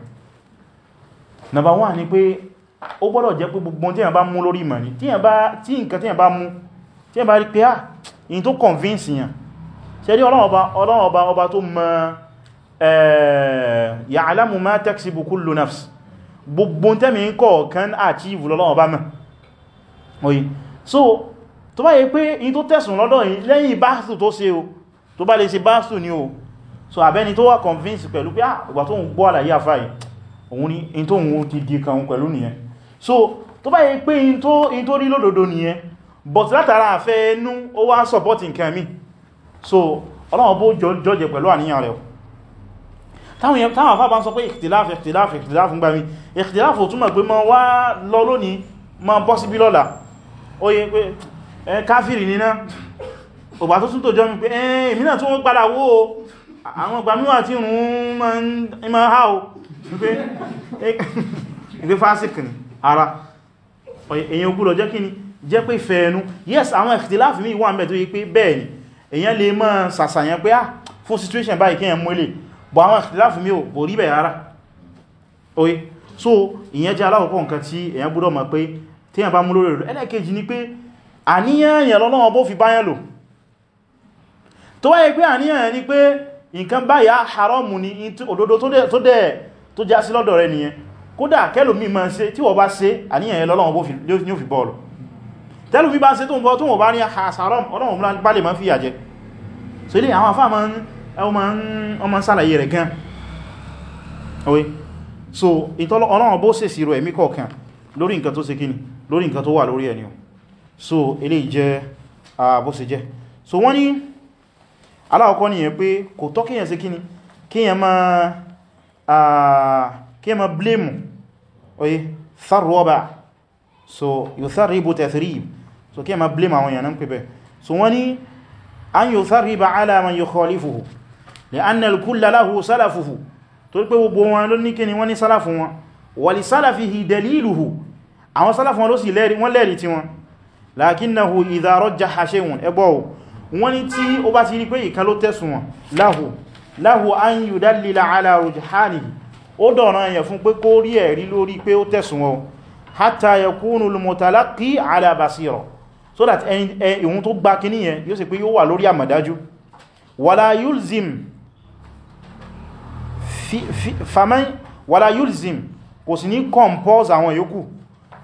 number one ni pé ó gbọ́dọ̀ jẹ́ pé gbogbo tí yẹn bá mú lórí ìmọ̀ ni tí nǹkan tí yẹn bá mú tí yẹn bá rí pé ah in tó convince yẹn ṣẹ́rí ọlọ́wọ́ ọba ọba tó mọ́ Eh, ya'lamu ma taksibu kullu nafs gbogbo tẹ́mi ń kọ̀ kan achieve lọ́lọ́wọ́ bá mẹ́ oyi so tó bá yẹ pé in tó tẹ̀sùn lọ́dọ̀ yìí lẹ́yìn báṣù tó ṣe o tó bá lè ṣe báṣù ni o so àbẹ́ni tó wà convince pẹ̀lú pé àgbà ah, tó ń gbọ́ àlàyé àfà yìí òun ni in tó ń ti di kan pẹ̀lú nìyẹn so tó bá yẹ pé in tó rí lódodo nìyẹn but látara àfẹ́ ẹnu ó wá support nǹkan mi so ọlọ́wọ́ bó jọjẹ pẹ̀lú àníyàn rẹ̀ táwọn àfá bá ń sọ pé ìkìtìláàfì ìkìtìláàfì ìkìtìláàfì ń gbà mí ìkìtìláàfì ò túnmọ̀ pé ma wá lọ lónìí ma bọ́ sí bí lọ́la ó yẹ pé ẹ káfìrì níná ògbà tó tún tó jọ mi pé ẹ èmi náà tó wọ́n padà wó àwọn ìgbà míwà tí rùn ma ha o ìgbé fásíkì ni ara èyàn ogúrò jẹ́ kíni jẹ́ pé fẹ́ẹ̀nu yes àwọn ìkìtìláàfì mi wà ń bẹ̀ tó yẹ pé bẹ́ẹ̀ ni èyàn lè máa sàṣàyàn pé ah fún situation báyìí kí bọ̀ àwọn ìtìláfù mi ò kò rí bẹ̀ rárá oye so ìyẹn jẹ́ aláwọ̀kọ́ nǹkan tí èyàn gbọ́dọ̀ ma pé tí èyàn bá mú lórí rẹ̀ ẹlẹ́kejì ni pé àníyàn yẹn lọ́lọ́wọ́ bó fi báyàn lò tó wáyé pé àníyàn yẹn ni pé nǹkan báyà haramu ni òdodo tó dẹ̀ tó já sí lọ́dọ̀ rẹ̀ nìyẹn kódà kẹ́lòmí máa ń ṣe tí wọ́n bá ṣe àníyàn yẹn lọ́lọ́wọ́ so ilé àwọn afá ọmọ ń sàlàyé rẹ̀ gan ọwé so ọlọ́run bó sèsì rọ ẹ̀mí kọ̀ọ̀kan lórí nǹkan tó ṣe kíni lórí nǹkan tó wà lórí ẹni o so eléyìí jẹ́ bó ṣe jẹ́ so wọ́n ní aláwọ̀kọ́ nìyẹn pé kò tọ́ kíyàn ṣe kíni kíyàn ma blame oye sarroba so yutharribu tathrib so kíyàn ma blame àwọn èèyàn náà pẹ̀bẹ̀ so wọ́n ní an yutharriba ala man yukhalifuhu لأن الكل له سلفه torípé gbogbo wọn ló ní kíni wọ́n ní sálàfù wọn wà lè sálàfì hì daliluhu àwọn sálàfù wọn ló sì wọ́n lẹ́rì tí wọn lakinnahu idha rajjaha shay'un ẹgbọ́ wọn ni tí ó bá ti rí pé ìkan ló tẹ̀sùn wọn lahu lahu an yudallila so that ìhun tó gbá kíní yẹn yóò sì pé yóò wà lórí àmàdájú wala yulzim faman wala yulzim kò sí ní compose àwọn yòókù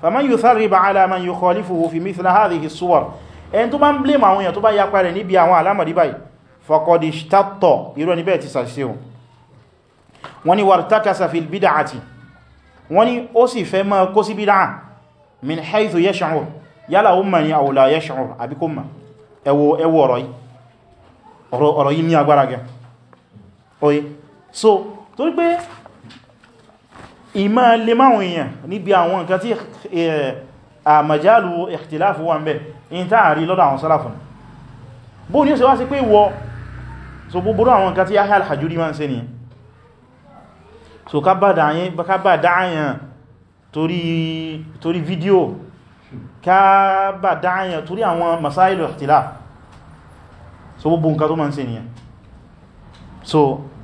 faman yutharriba ala man yukhalifuhu fi mithla hadhihi suwar ẹni tó bá ń blame àwọn èèyàn tó bá yapa rẹ̀ níbi àwọn alámọ̀rí báyìí faqad ishtatta irú ẹni bẹ́ẹ̀ ti sàṣíṣe hùn wọ́n ni wartakasa fil bid'ati wọ́n ni ó sì fẹ́ mọ́ kó sí bídá min haythu so torí pé ìmá lè máwọn èèyàn níbi àwọn nǹkan tí àmàjálù ìhtìláfù wà ń bẹ in táàrí lọ́dọ̀ àwọn sálàfù bó ní ó ṣe wá sí pé wọ so búburú àwọn nǹkan tí Yahya al-Hajuri máa ń ṣe ni so ká bá dáyàn torí fídíò ká bá dáyàn torí àwọn masáìlù ìhtìláfù so gbogbo nǹkan tó máa ń ṣe ni so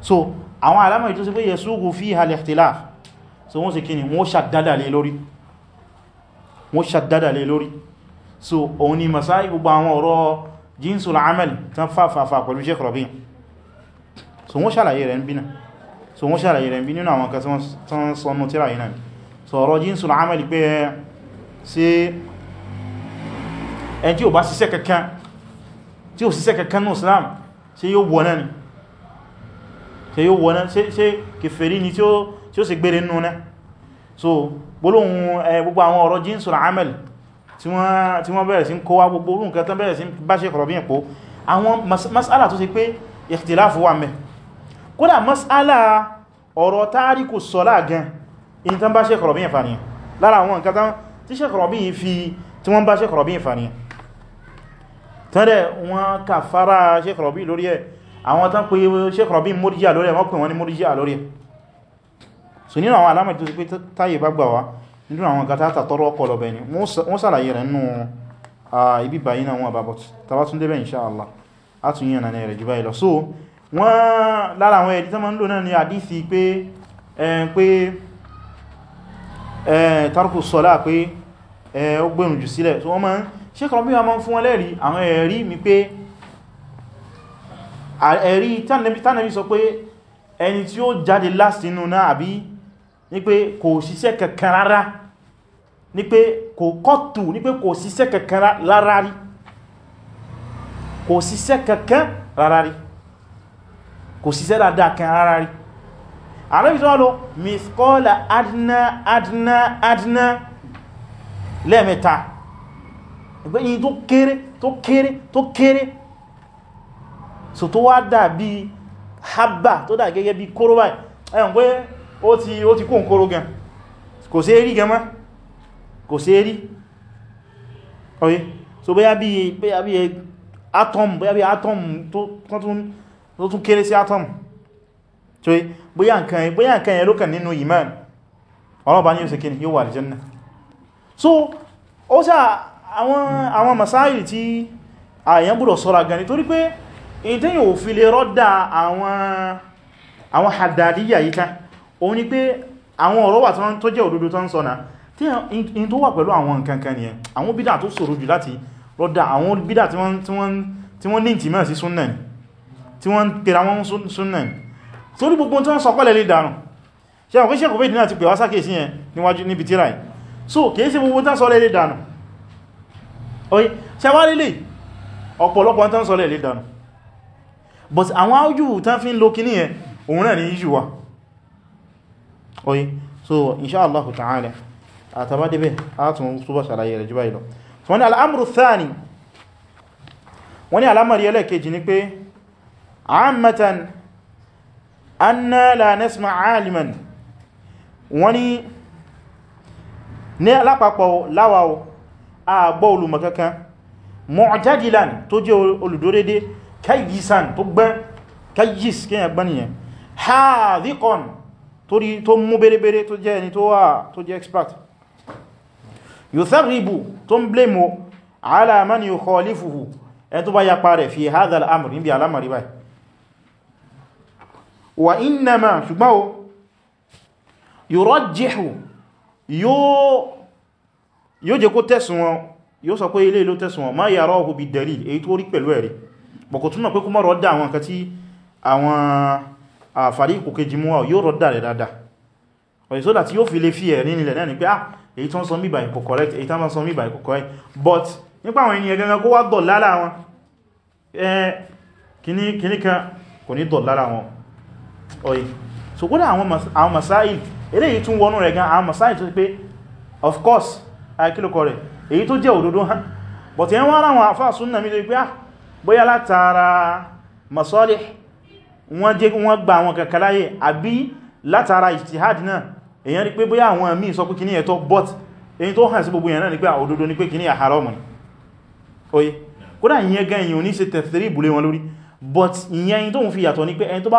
so àwọn alámọ̀ ìtó sí pé yẹsúgù fi hal ikhtilaf so wọ́n sì kíni wọ́n ṣàdádà lé lórí wọ́n ṣàdádà lé lórí so òun ni masá gbogbo àwọn ọ̀rọ̀ jinsul amal tán fàfàfà pẹ̀lú Sheikh Rabi so wọ́n ṣàlàyé rẹ̀ ń bínà so wọ́n ṣàlàyé rẹ̀ ń bí nínú àwọn kan tán ṣe yóò wọ́ná ṣe kèfèrí ni tí ó sì gbére nínú náà so gbólóhùn gbogbo àwọn ọ̀rọ̀ jinsul amal tí wọ́n bẹ̀rẹ̀ sí kó wá gbogbo orú nǹkan tán bẹ̀rẹ̀ sí bá ṣe kọ̀rọ̀ bí ẹ̀pọ̀ àwọn mas'ala tó ṣe pé ikhtilafu wà mẹ́ kódà mas'ala ọ̀rọ̀ tariku sọ́lá gan in tán bá ṣe kọ̀rọ̀ bí ẹ̀fà nìyàn lára àwọn nǹkan tán tí ṣe kọ̀rọ̀ bí fi tí wọ́n bá ṣe kọ̀rọ̀ bí ẹ̀fà nìyàn tán dẹ̀ wọ́n kàfàrà ṣe kọ̀rọ̀ bí lórí ẹ̀ àwọn tán pé Sheikh Rabi murji'a lórí ẹ̀ wọ́n pè wọ́n ní murji'a lórí ẹ̀ so nínú àwọn alámọ̀ tó sì pé táyè bá gbà wá nínú àwọn nǹkan tátà tọrọ ọkọ̀ lọ bẹ̀ni wọ́n sàlàyé rẹ̀ nínú ibi báyìí náà wọn àbábọ̀ tàbá tún débẹ̀ insha Allah a tún yíyàn náà rẹ̀ jù báyìí lọ so wọ́n lára àwọn ẹ̀dí tán máa ń lò náà ni àdísì pé pé tarku sọ́lá pé ó gbẹ̀rùn jù sílẹ̀ so wọ́n máa ń ṣe kọ̀ọ̀bí wọn máa ń fún wọn lẹ́rìí àwọn ẹ̀rí tánàbí sọ pé ẹni tí ó jáde last inú náà àbí ní pé kò síṣẹ́ kankan rárá ní pé kò kọ́tù ní pé kò síṣẹ́ kankan rárá rí kò síṣẹ́ kankan rárá rí kò síṣẹ́ dáadáa kan rárá rí àrẹ́bí tó lọ mithqala adna adna adna lẹ́ẹ̀mẹ́ta ìgbẹ́yìn tó kéré tó kéré tó kéré so tó wá dà bí habba tó dà gẹ́gẹ́ bí kóró báyìí ẹ̀yàn pé ó ti ó ti kún kóró gan kò sí rí gan mọ́ kò sí rí ọ̀yẹ́ so bóyá bí bóyá bi, atom bóyá bí atom to to tún kéré sí atom so bóyá nǹkan bóyá nǹkan yẹn ló kàn nínú iman ọlọ́ba ní òsèké ni yóò wà àlìjẹ́nà so ó sá àwọn àwọn masáyìí tí àyàn gbọ́dọ̀ sọ́ra gan nítorí pé in tí yíò fi lè rọ́dà àwọn Haddadiyya yìí tán o ní pé àwọn ọ̀rọ̀ wà tó jẹ́ òdodo tán sọ́nà tí in tó wà pẹ̀lú àwọn nǹkankan ni àwọn bídà tó ṣòro jù láti rọ́dà àwọn bídà tí wọ́n ní ìtìmọ̀ sí súnnà tí wọ́n pèrà wọn súnnà ọ̀pọ̀lọpọ̀ tán sọlẹ̀ lè dànù but àwọn áójú tán fi ń lo kíní yẹn òun náà ní yíjú wa oye so inṣáàláhù ta'ala àtàbádébẹ̀ átùn súbọ̀ sàlàyé rẹ̀ jùbá ìlọ wọ́n ni al'amuru thani wọ́n ni alamari ẹlẹ́kejì ni pé ammatan anna la nasma aliman wọ́n ni ní alápapọ̀ láwàwọ̀ àgbọ́ olùmọ̀ kankan mu'tadilan tó jẹ́ olùdórédé kayyisan tó gbẹ́ kayyis kí yẹn gbẹ́ nìyẹn haadikon torí tó mú bèrèbèrè tó jẹ́ ẹni tó wà tó jẹ́ expert yutharribu tó ń blé mọ́ ala man yukhalifuhu ẹni tó bá yapa rẹ̀ fi hadha al-amr níbi alamari báyìí wa innama ṣùgbọ́n o yurajjihu yóò jẹ́ kó tẹ̀sùn wọn yóò sọ pé ilé ló tẹ̀sùn wọn ma yarahu bid dalil èyí tó rí pẹ̀lú ẹ̀rí bọ̀ kò túnmọ̀ pé kó mọ́ rọ́dá àwọn nǹkan tí àwọn àfàrí ìkò kejì mú yóò rọ́dá rẹ̀ dáadáa ọ̀yẹ̀ sódà tí yóò fi lè fi ẹ̀rí nílẹ̀ náà ni pé ah èyí tó ń sọ mìbà ìkò correct èyí tó but nípa àwọn ènìyàn gangan kó wá dọ̀ lára wọn kìní kan kò ní dọ̀ lára wọn so kódà àwọn masáìl eléyìí tún wọnú rẹ̀ gan àwọn masáìl of course akílùkọ rẹ̀ èyí tó jẹ́ òdodo hàn but yẹn wọ́n ara wọn àfáà súnnà mi pé ah bóyá látara masalih wọ́n jẹ́ wọ́n gba àwọn kàkàláyé àbí látara ijtihad náà èyàn rí pé bóyá àwọn míì sọ pé kìní ẹ̀tọ́ but èyí tó hàn sí gbogbo èyàn náà ni pé òdodo ni pé kìní àhàrọ́mù ni oye kódà ìyẹn gan èyàn ní ṣe tẹ̀sírí ìbúlé wọn lórí but ìyẹn tó ń fi yàtọ̀ ni pé ẹni tó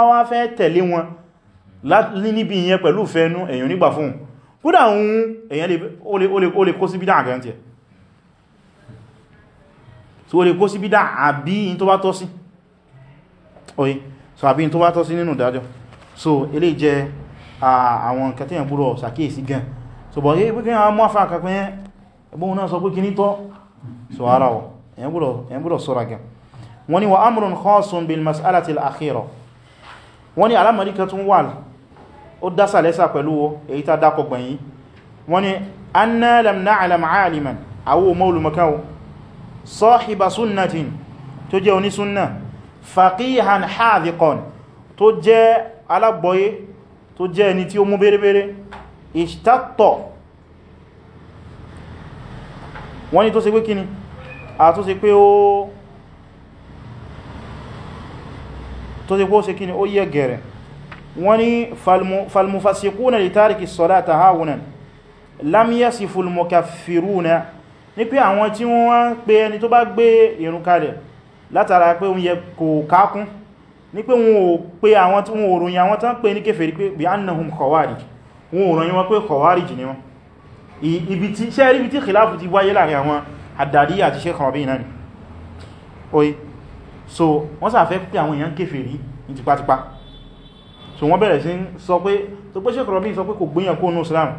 so o lè kó sí bídá àbí in tó bá tọ́ sí oye so àbí in tó bá tọ́ sí nínú ìdájọ́ so ilé jẹ àwọn nǹkan tí yàn búrọ̀ sàkíyèsí gan so bọ̀ yí eh, pé kí wọ́n mọ́ àfá àkàpẹ́ yẹn eh, ẹgbóhun náà sọ pé kí ní tọ́ so ara ọ̀ ẹ̀yìn búrọ̀ sọ́ra gan wọ́n ni wa amrun khasun bil mas'alati al wọ́n ni alamọ̀ríkà tún wà ó dásà lẹ́sà pẹ̀lú èyí tá dákọ̀ gbẹ̀yìn wọ́n ni anna lam na'lam aliman awo mawlu makawo sọ́hìbà súnnatin tó jẹ́ onísúnna faqihan hadhiqan tó jẹ́ alágbọ́yé tó jẹ́ ẹni tí ó mú bèrèbèrè ìṣtàtọ̀ wọ́n ni tó ṣe pé kíni a tó ṣe pé ó tó ṣe pé ó ṣe kíni ó yẹ gẹ̀rẹ̀ wọ́n ni falmufasikuna li tariki salata hawunan lam yasifu al mukaffiruna ní pé àwọn tí wọ́n pé ẹni tó bá gbé ìrun kalẹ̀ látara pé oúnjẹ kò kákún ní pé wọn ò pé àwọn tí wọn ò ròyìn àwọn tán pé ní kèfèrí pé bí annahum khawarij wọn ò ròyìn wọn pé khawarij ni wọn ibi tí ṣe rí ibi tí so wọ́n sàfẹ́ pé àwọn èèyàn kèfèrí ní tipátipá so wọ́n bẹ̀rẹ̀ sí sọ pé tó pé ṣe kọ̀rọ̀bí sọ pé kò gbíyàn kó nù Islam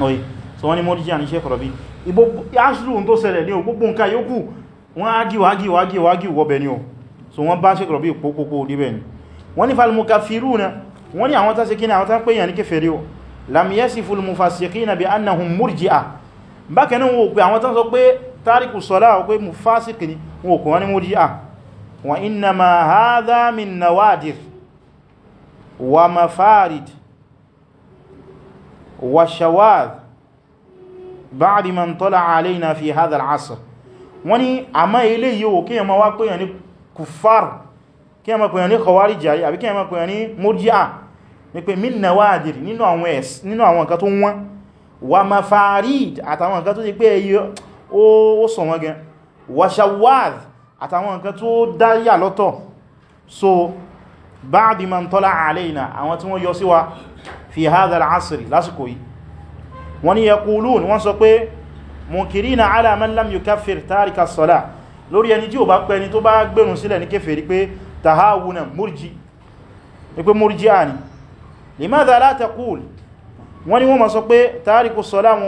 oye so wọ́n ni mọ́ríjì àní Sheikh Rabi ibo aṣlù tó ṣẹlẹ̀ ní gbogbo nǹkan yókù wọ́n ágíwà ágíwà ágíwà ágíwà bẹ̀ ni o so wọ́n bá Sheikh Rabi pópópó níbẹ̀ ni wọ́n ni falmukafiruna wọ́n ni àwọn tásí kíni àwọn tán pé yà ní kéfèrè o lam yasifu al-mufassiqina bi annahum murji'a bákaní wọn pé àwọn tán sọ pé tariku sọ́lá pé wàṣàwád báàdì ma ń tọ́lá àlẹ́yìn fi hadha al-asr wọ́n ni a má ilé yíò kí yẹmọ wá pèyàn ní kùfàr kí yẹmọ pèyàn ní kọwàrí jari àbí kí yẹmọ pèyàn ní murji'a ní pé min nawadir nínú àwọn ẹ̀s nínú àwọn nǹkan tó wọ́n wa mafarid àtàwọn so báàdì ma ń tọ́lá àlẹ́yìn àwọn tí wọ́n yọ sí wa fi hadha al-asri lásìkò yìí wọ́n ni yaqulun wọ́n sọ pé munkirina ala man lam yukaffir tarika as-salah lórí ẹni tí ó bá pẹ́ ni tó bá gbẹ̀rún sílẹ̀ ní kèfèrí pé tahawunan murji ní pé murji a ni limadha la taqul wọ́n ni wọ́n ma sọ pé tariku as-salah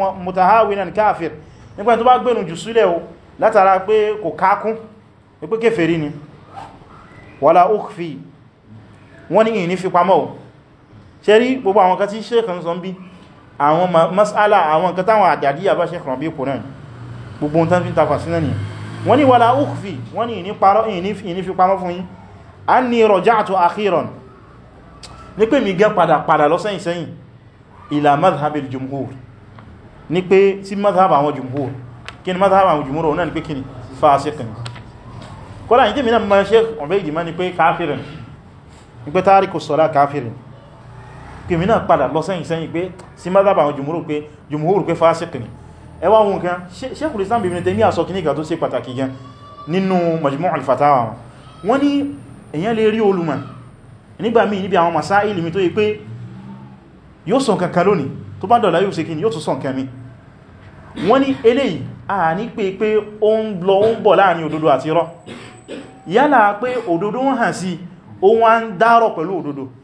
wọ́n ni ìní fi pamọ́ ṣe rí gbogbo àwọn kan tí Sheikh ń sọ ń bí àwọn masala àwọn kan táwọn àdàdíyà bá Sheikh Rabi' kò náà gbogbo ohun tán fi ń takwà sí náà ni wọ́n ni wala ukhfi wọ́n ni ìní fi pamọ́ fún yín anni raja'tu akhiran ní pé mi gẹ́ padà padà lọ sẹ́yìn sẹ́yìn ila madhhabil jumhur ní pé sí madhhab àwọn jumhur kí ni madhhab àwọn jumhur náà ni pé pèmí náà padà lọ sẹ́yìn sẹ́yìn pé sí mọ́dábà àwọn jùmúrù pé jùmúrù pé fásitì ni ẹwà wọn kan Sheikhul Islam bìbìnrin tẹ́ ní àsọ kìíní ìgbà tó ṣe pàtàkì gan nínú Majmu' al-Fatawa wọn wọ́n ní èyàn lè rí olùmọ̀ nígbà míì níbi àwọn masá ilimi tó yí pé yóò sọ nǹkan kan lónìí tó bá dọ̀lá yóò ṣe kíni yóò tún sọ nǹkan mi wọ́n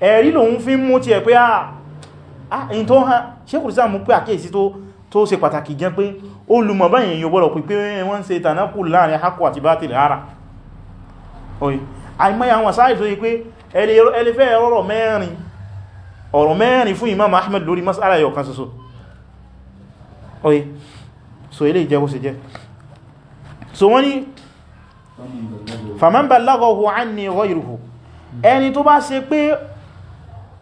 ẹ̀rí lòun fi mú ti ẹ̀ pé ah, ah in tó hàn ṣékùrùsá mú pé àkíyèsí tó ṣe pàtàkì jẹ́ pé olùmọ̀ báyìí yóò gbọ́dọ̀ pé wọ́n ṣe tànákù láàrin hakọ àti bátìlì ara oye àìmọ́ya wọn sáàì tó yí pé ẹlẹ́fẹ́ ọ̀rọ̀ mẹ́rin ọ̀rọ̀ mẹ́rin fún Imam Ahmed lórí masala yọ kan ṣoṣo oye so ilé ìjẹ́ bó ṣe jẹ́ so wọ́n ni ẹni tó bá ṣe pé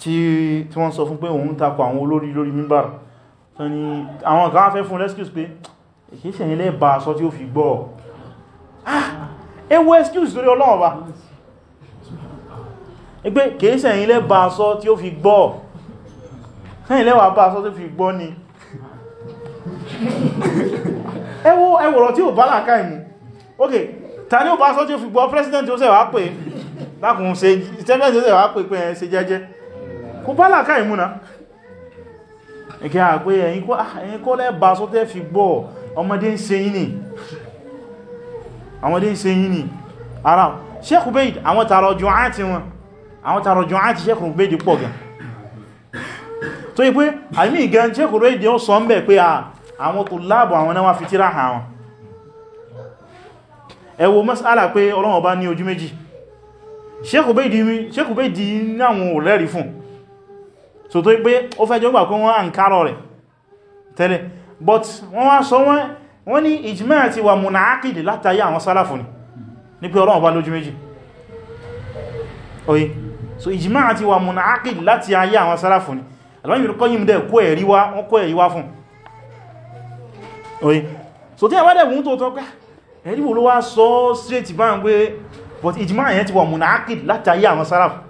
tí wọ́n sọ fún pé òun takọ àwọn olórí lórí mímbàr tani àwọn kan fẹ́ fún excuse pé ìkéṣẹ̀ ilẹ̀ bá aṣọ tí ó fi gbọ́ ah, ẹwọ excuse lórí ọlọ́wọ́ bá ẹgbẹ́ kéṣẹ̀ ilẹ̀ bá aṣọ tí ó fi gbọ́ sẹ́yìn bá aṣọ tí ó fi gbọ́ ni kò bá làkà ìmúna ẹ̀kẹ́ àgbé ẹ̀yìn kọ́ ah, lẹ́bà sọ́tẹ́ fi gbọ́ ọmọdé ń ṣe yìí ni ọmọdé ń ṣe yìí ni ara Sheikh Ubaid àwọn tààrọ jù áti wọn àwọn tààrọ jù áti Sheikh Ubaid pọ̀ gan tó yí pé àmì ìgan Sheikh Ubaid ó sọ mẹ́ pé àwọn tó láàbọ̀ àwọn náà wá fi tíra hàn wọn ẹ wo mas'ala pé Ọlọ́run bá ní ojú méjì Sheikh Ubaid ní àwọn òlẹ́rí fún so tó pé ó fẹ́ jọgbà kún wọ́n àǹkárọ̀ rẹ̀ tẹ́lẹ̀ but wọ́n wá sọ wọ́n ní ijma ti wà mùnàákìdì látàyà àwọn sálàfù ni ní pé Ọlọ́run bá lójú méjì oye so ijma ti wà mùnàákìdì láti ayé àwọn sálàfù ni Al-Imam Ibn Qayyim dẹ̀ kó ẹ̀rí wá wọ́n kó ẹ̀rí wá fún oye so tí àwọn ẹ̀wọ̀n tó tọ́pẹ́ ẹ̀rí wo ló wá so straight bá ń pé but ijma yẹn ti wà mùnàákìdì látàyà àwọn sálàfù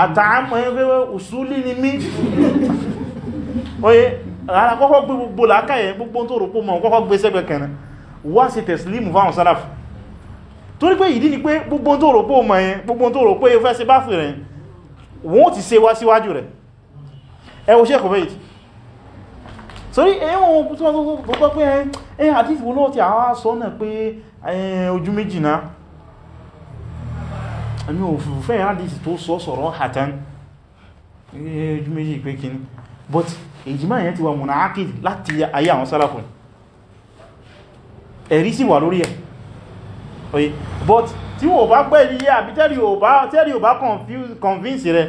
àtàámọ̀ ẹgbẹ́wẹ́ òsúlì ni mí oye ara kọ́kọ́ gbé gbogbo làákàyẹ gbogbo tó rò pó mọ̀ kọ́kọ́ gbé sẹ́gbẹ̀ kẹrin wá sí tẹ̀sílìmù fáwọn sálàfù torí pé ìdí ni pé gbogbo tó rò pó mọ̀ yẹn gbogbo tó rò pé fẹ́ sí bá fìrẹ̀ wọ́n ti ṣe wá síwájú rẹ̀ ẹ wo ṣẹ́kọ̀ bẹ́ẹ̀ torí ẹ̀yìn wọn tó pẹ́ pé ẹ̀yìn àdífò náà ti àwọn sọ náà pé ojú àmì òfin fẹ́ àdìsì tó sọ sọ̀rọ̀ hàtán ẹjú méjì pé kí ní but ìjìmá yẹn ti wà mùnà ákìd láti ayé àwọn sálàfù ẹ̀rí sì wà lórí ẹ̀ oye but tí wò bá pẹ́ ilé àbí tẹ́rì ò bá convince rẹ̀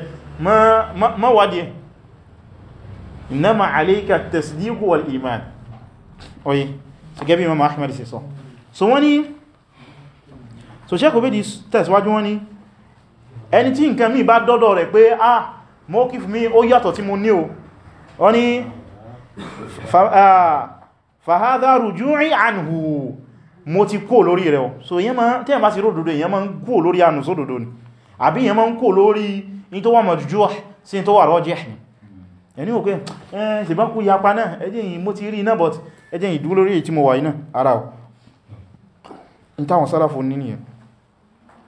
mọ́ wádìí innama alayka at-tasdiq wal iman oye gẹ́gẹ́ bí Ahmed, Ahmad ṣe sọ so wọ́n ni so ṣẹ́kọ̀ọ́ bí di tẹ̀síwájú wọ́n ni ẹni tí nǹkan mi bá dọ́dọ̀ rẹ̀ pé ah mo kí fún mi ó yàtọ̀ tí mo ní o wọ́n ni fàhádà rùjúrí ànhù mo ti kó lórí rẹ̀ o so yẹn ma tí ẹ̀ bá ti ródòdó yẹn ma ń kó lórí ànù sódòdó ni àbí yẹn ma ń kó lórí in tó wà mọ̀jújú sí tó wà rọ́jẹ́ eh, yapa náà ẹjẹ́ yìí mo ti but ẹjẹ́ yìí dúró lórí tí in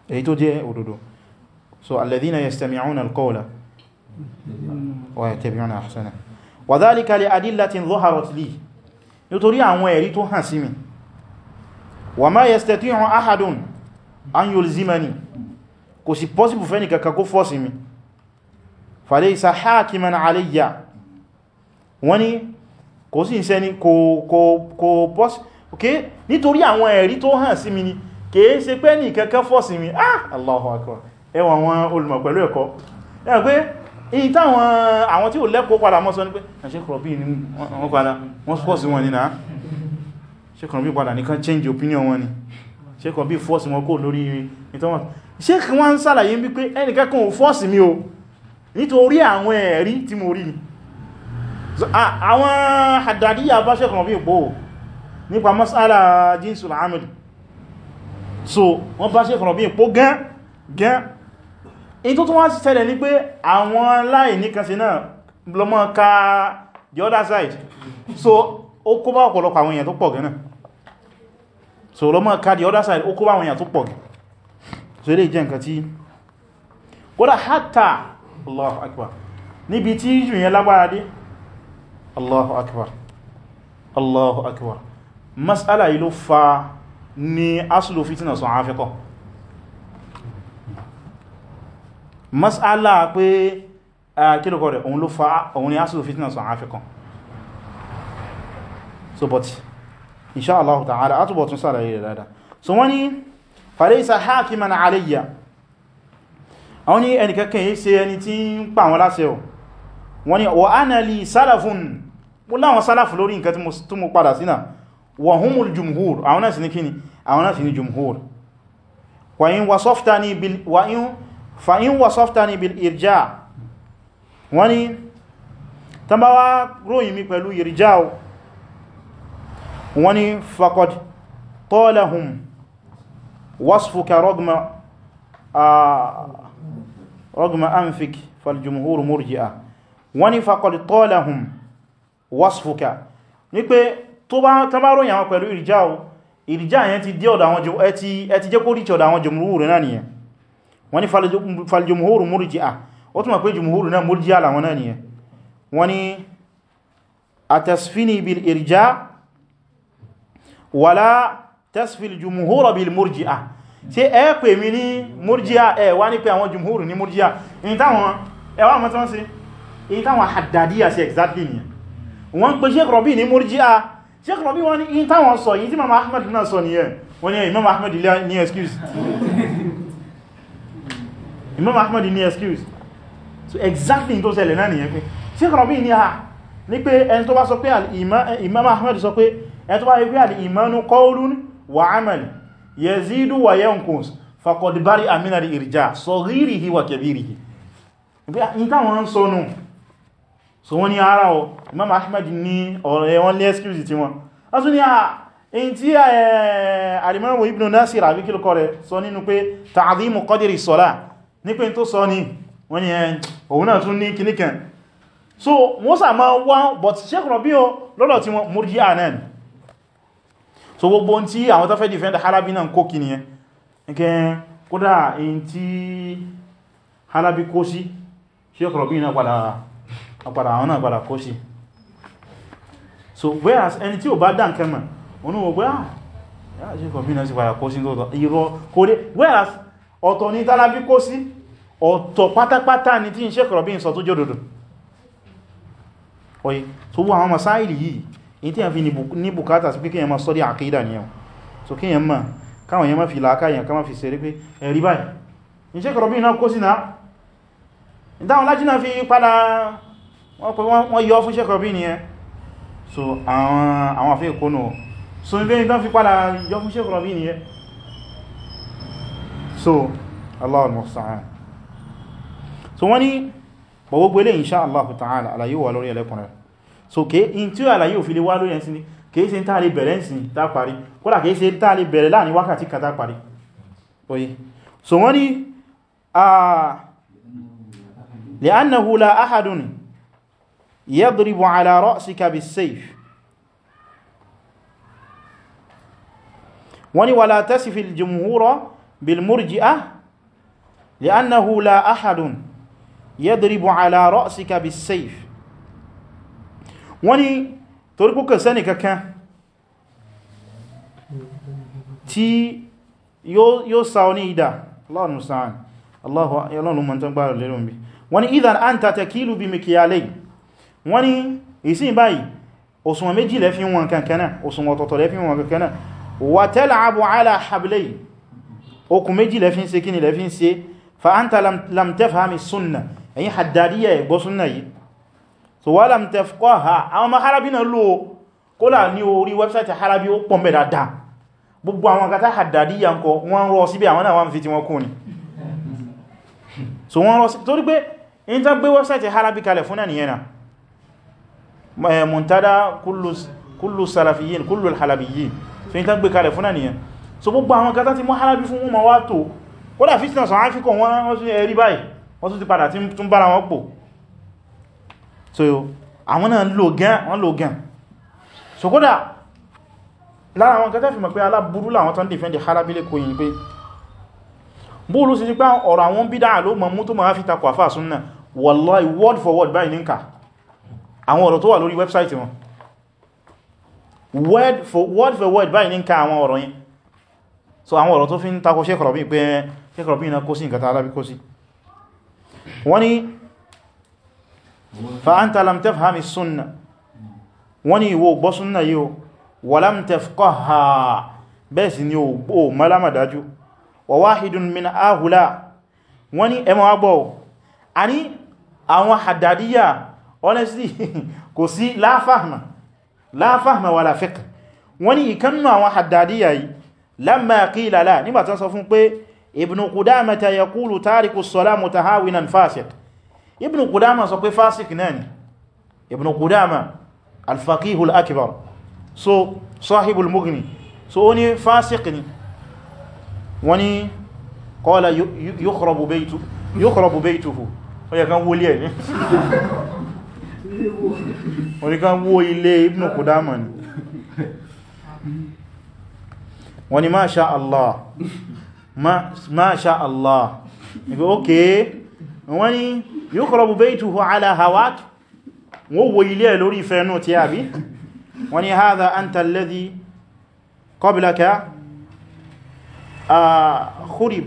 èyí tó jẹ́ òdòdó so alladhina yastami'una alqawla mm-hmm. wa yattabi'una ahsana wa dhalika li adillatin dhaharat li nítorí àwọn ẹ̀rí tó hàn sí mi wa ma yastati'u ahadun an yulzimani kò sí possible fẹ́ ni kankan kó force mi falaysa hakiman alayya wani kò sí ìṣẹ́ ni kò kò kò possible okay nítorí àwọn ẹ̀rí tó hàn sí mi ni kèé ṣe pé ní kankan force mi ah Allahu akbar ẹwà àwọn olùmọ̀ pẹ̀lú ẹ̀kọ́ ẹ̀rọ pé èyí táwọn àwọn tí ò lẹ́kọ́ padà mọ́ sọ ní pé ṣekọ̀rọ̀bí ni wọ́n padà wọ́n fọ́ọ̀sì wọn ni náà ṣekọ̀rọ̀bí padà nìkan change opinion wọn ni ṣekọ̀rọ̀bí fọ́ọ̀sì wọn kó lórí ìtọ́wọ̀n ṣe kí wọ́n ń sàlàyé ń bí pé ẹnìkẹ́kùn ò fọ́ọ̀sì mi o nítorí àwọn ẹ̀rí tí mo rí àwọn àdàdíyà bá ṣekọ̀rọ̀bí pò nípa masala jinsul amil so wọ́n bá ṣekọ̀rọ̀bí pò gan gan in tó tún wá sí ṣẹlẹ̀ ní pé àwọn láì níkanṣe náà lọmọ ká the other side so ó kó bá ọ̀pọ̀lọpọ̀ àwọn èèyàn tó pọ̀ gẹ́nà so lọmọ ká the other side ó kó bá àwọn èèyàn tó pọ̀ gẹ́ so ilé jẹ́ nǹkan tí kódà hátà Allahu akbar níbi tí jù yẹn lágbára dé Allahu akbar Allahu akbar mas'ala yìí ló fa ni aslu fitina sọ afẹ́kọ̀ọ́ mas'ala pé kílùkọ rẹ̀ òun ló fa òun ni asìlò fitna sọ àfikàn so but insha Allah ta'ala atúbọ̀ tún sára yìí dáadáa so wọ́n ni falaysa hakiman alayya àwọn ni ẹnikẹ́kẹ́ yìí ṣe ẹni tí ń pa àwọn láṣẹ o wọ́n ni wa ana li salafun mú láwọn sálàfù lórí nǹkan tí mo padà sínà wa humul jumhur àwọn náà sì ní kíni àwọn náà sì ní jumhur wa in wasafta ni bil wa in fa in wasaftani bil irja wọ́n ni tán bá wá ròyìn mi pẹ̀lú irja o wọ́n ni faqad talahum wasfuka rogma rogma anfik faljumhur murji'a wọ́n ni faqad talahum wasfuka ní pé tó bá tán bá irja o irja yẹn ti dé ọ̀dọ̀ àwọn jẹ́ kó àwọn jùmúrù rẹ̀ náà nìyẹn wọ́n ní faljumhuru murji'a ó túnmọ̀ pé jumhuru náà murji'a làwọn náà nìyẹn wọ́n ní atasfini bil irja wala tasfil jumhuru bil murji'a ṣé ẹ pè mí ní murji'a ẹ wá ní pé àwọn jumhuru ní murji'a in táwọn ẹwà mọ́ tí wọ́n sí in táwọn haddadiya sí exactly ni wọ́n pè Sheikh Rabi ní murji'a Sheikh Rabi wọ́n ní in táwọn sọ yìí tí Imam Ahmad náà sọ nìyẹn wọ́n ní Imam Ahmad ilé ní excuse Imam Ahmad ní excuse so exactly tó ṣẹlẹ̀ náà nìyẹn pé Sheikh Rabi ní ha ní pé ẹni tó bá sọ pé Imam Ahmad sọ pé ẹni tó bá wípé al-imanu qawlun wa amal yazidu wa yanqus faqad bari'a min al-irja saghirihi wa kabirihi ah, ní táwọn ń sọnù so wọ́n ní ara o Imam Ahmad ní ọ̀rẹ́ wọn lé excuse ah, tí wọn eh, sọ nínú pé ta'dhimu ní tó sọ ní wọ́n ni òun náà tún ní kìníkàn so wọ́n sà máa wá but sẹ́kùnrọ̀ bí o lọ́lọ́ tí wọ́n Murji'a náà ni so gbogbo tí àwọn tó fẹ́ defend Halabi náà kó kí nìyẹn nke Halabi kó sí sẹ́kùnrọ̀ bí náà padà àwọn náà so whereas ẹni tí ò bá dá ah, whereas ọ̀tọ̀ ní tálábí kó sí ọ̀tọ̀ pátápátá ní tí ń ṣe kọ̀rọ̀bí ń sọ tó jòdòdò oye tó wú àwọn masáìlì yìí in tí a fi ní bukata sí pé kíyàn ma sọ́dí àkídà ni yàn so kíyàn ma káwọn yàn ma fi láàká yàn ká ma fi sẹ́rí pé ẹ̀rí báyìí ń ṣe kọ̀rọ̀bí náà kó sí náà ìdáwọn ni yẹn so àwọn àfẹ́ ìkónù so ilé ìdán fi padà yọ ni so Allahu musta'an so wọ́n ní gbogbo ilé insha Allah ta'ala àlàyé wà lórí ẹlẹ́kùnrin so in tí ó àlàyé ò fi lè wá lórí ẹ̀sìn ni kìí ṣe ń tàà lè bẹ̀rẹ̀ ẹ̀sìn tá parí kódà kìí ṣe ń tàà lè bẹ̀rẹ̀ láàrin wákàtí kan tá parí oye so wọ́n ní li'annahu la ahadun yadribu ala ra'sika bis-sayf wọ́n ní wala tasifil jumhura بالمرجئة لأنه لا أحد يضرب على رأسك بالسيف وني تركك سنك كان tí yóò sa oní ìdá Allahu musta'an Allahu yalọ́nù mọ̀ tán gbára lérò bí wọ́n ni idhan anta takilu bí mikyalayn wọ́n ni ìsìn báyìí òsùnwọ̀n méjì lẹ́fí wọn kankaná òsùnwọ̀n tọ̀tọ̀ lẹ́fí wọn kankaná wa tal'abu ala hablayn okùn méjì lẹ́fí ń ṣe kí ni lẹ́fí ń ṣe fa anta lam tafhami sunna ẹ̀yin haddadiya ẹ̀gbọ́ sunna yìí so wà lam tafqaha àwọn ọmọ harabi náà lò kólà ní orí wẹ́bsáìtì harabi ó pọ̀mẹ́ dáadáa gbogbo àwọn akátá haddadiya ńkọ wọ́n rọ síbẹ̀ àwọn náà wọ́n fi ti wọn kún ni so wọ́n rọ sí torí pé in ta gbé wẹ́bsáìtì harabi kalẹ̀ fún náà nìyẹn muntada kullu salafiyin kullu halabiyin so in ta gbé kalẹ̀ fún náà nìyẹn so gbogbo àwọn kátá ti mọ́ harabi fún wọn ma wá tó kódà fitna sọ áfíkọ̀ wọ́n tún ẹ̀rí báyìí wọ́n tún ti padà tí tún bára wọn pò so àwọn náà lò gán wọ́n lò gán so kódà lára àwọn kátá fi mọ̀ pé aláburú làwọn tán dìfẹ́ndì harabi lè kòyìn pé bóòlù sí pé ọ̀rọ̀ àwọn bídá ló mọ̀ mú tó máa fi takọ̀ àfà súnnà wallahi word for word báyìí nínka àwọn ọ̀rọ̀ tó wà lórí wẹ́bsáìtì wọn word for word báyìí nínka àwọn ọ̀rọ̀ yẹn so àwọn ọ̀rọ̀ tó fi ń takò Sheikh Rabi pé Sheikh Rabi na kó sí nǹkan tààrà bí kó sí wọ́n ni fa anta lam tafhami sunna wọ́n ni ìwò gbọ́ sunna yíò wa lam tafqaha bẹ́ẹ̀ sí ni ó malama dájú wa wahidun min ahula wọ́n ni ẹmọ agbọ́ honestly kò sí la fahma la fahma wala fiqh wọ́n ni ìkannú àwọn haddadiyya lamma qila la nígbà tán sọ fún pé ibn qudama ta yaqulu tariku as-salam mutahawinan fasiq ibn qudama sọ pé fasiq nani ibn qudama al-faqih al-akbar so sahib al-mughni so oni fasiq ni wani qala yukhrabu baytu yukhrabu baytuhu ó yẹ kan woli e ni ó ní kan wó ilé ibn qudama ni wọ́n ni ma sha Allah ma sha Allah ìgbé ókè wọ́n ni yuqrabu baytuhu ala hawak wọ́n wo ilé ẹ̀ lórí ìfẹ́ náà tí a bí wọ́n ni hadha anta alladhi qablaka khurib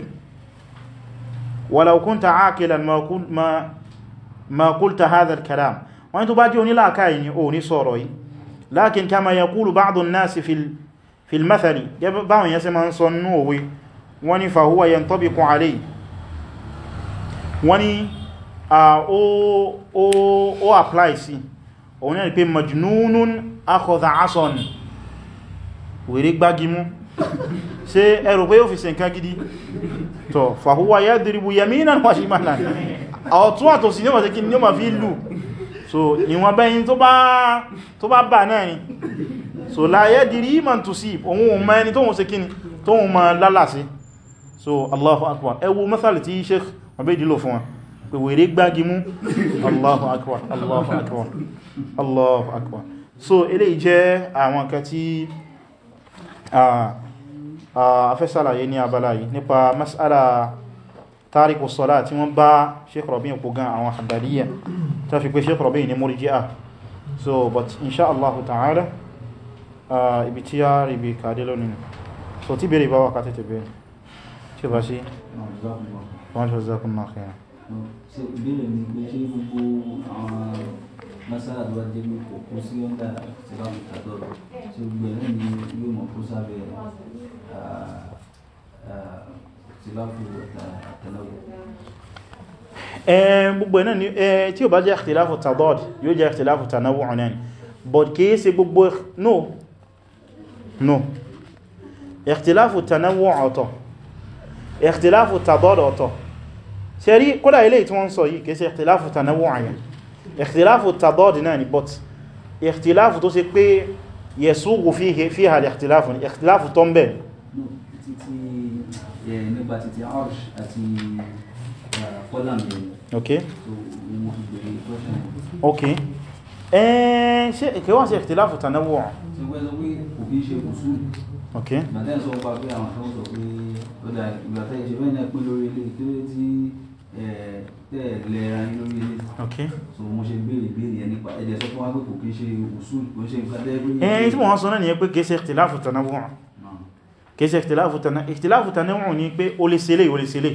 walau kunta aqilan ma qulta hadha al-kalam wọ́n ni tó bá jẹ́ onílàákàyìn ni ò ní sọ̀rọ̀ yìí lakin kama yaqulu ba'du an-nasi fil fil mathali báwọn yẹn ṣe máa ń sọ nínú òwe wọ́n ní fahuwa yantabiqu alayhi wọ́n ní ó apply sí òun náà pé majnunun akhadha asan wèrè gbágimú ṣe ẹrù pé ó fi ṣe nǹkan gidi tọ́ fahuwa yadribu yaminan wa shimalan ọ̀tún àtòsí ní ọmọ fi lù so ìwọ̀n bẹ́yìn tó bá bà náà ni so láyé dìrí man tó sí ohun ọmọ ẹni tóhun ṣe kíni tóhun ma lálà sí so allahu akbar ẹwọ mẹ́sàlì tí sheikh mabedi lò fún wa pé wèrè gbági mú allahu akbar allahu akbar so eléyìí jẹ́ àwọn kan tí a fẹ́ ṣàlàyé ní abala yìí nípa mas'ala tariku sọ́lá tí wọ́n bá sheikh Rabi' kò gan àwọn Hanbaliyya ta fi so but insha Allah ta'ala ibi tí a rí ibi kàdé lónìí so tí bèèrè bá wà ká tètè bèèrè tí ó bá sí wọ́n tó zákún náà kìí ṣe ìbéèrè ní pé ṣe gbogbo àwọn mẹ́sàlá tó bá jẹ́ pé kò kó sí ọ́ndà tí bá kò ni yóò mọ̀ kó sábẹ́ tí bá kò tàtẹ̀lẹ́wọ̀ gbogbo ẹ̀nà ni tí ó bá jẹ́ ìtìláfù tàdọ́d yóò jẹ́ ìtìláfù tànáwù ọ̀nà ni but kìí ṣe gbogbo no no ikhtilafu tanawu ọ̀tọ̀ ikhtilafu tadọ́dọ̀ ọ̀tọ̀ ṣe rí kódà ilé tí wọ́n sọ yìí kèsè ikhtilafu tanawu àyàn ikhtilafu tadọ́dì náà ni but ikhtilafu tó ṣe pé yasugu fi hàlì ikhtilafu tó ń bẹ̀ okay okay ẹ̀ẹ́ ṣe ìkẹwọ́n sí ikhtilafu tanawu ṣùgbọ́n ok ìgbàtẹ́ sọ pa pé àwọn kan sọ pé ó dà ìgbàtẹ́ ìṣe bẹ́ẹ̀ náà pín lórí ilé kí ló ti tẹ̀ lẹ́ra yín lórí ilé ok so mo ṣe béèrè béèrè yẹn nípa ẹ̀jẹ̀ sọ fún wa pé kò kí ń ṣe usul kò ń wọ́n eh, ah. ni pé ó lè ṣe lè ó lè ṣe lè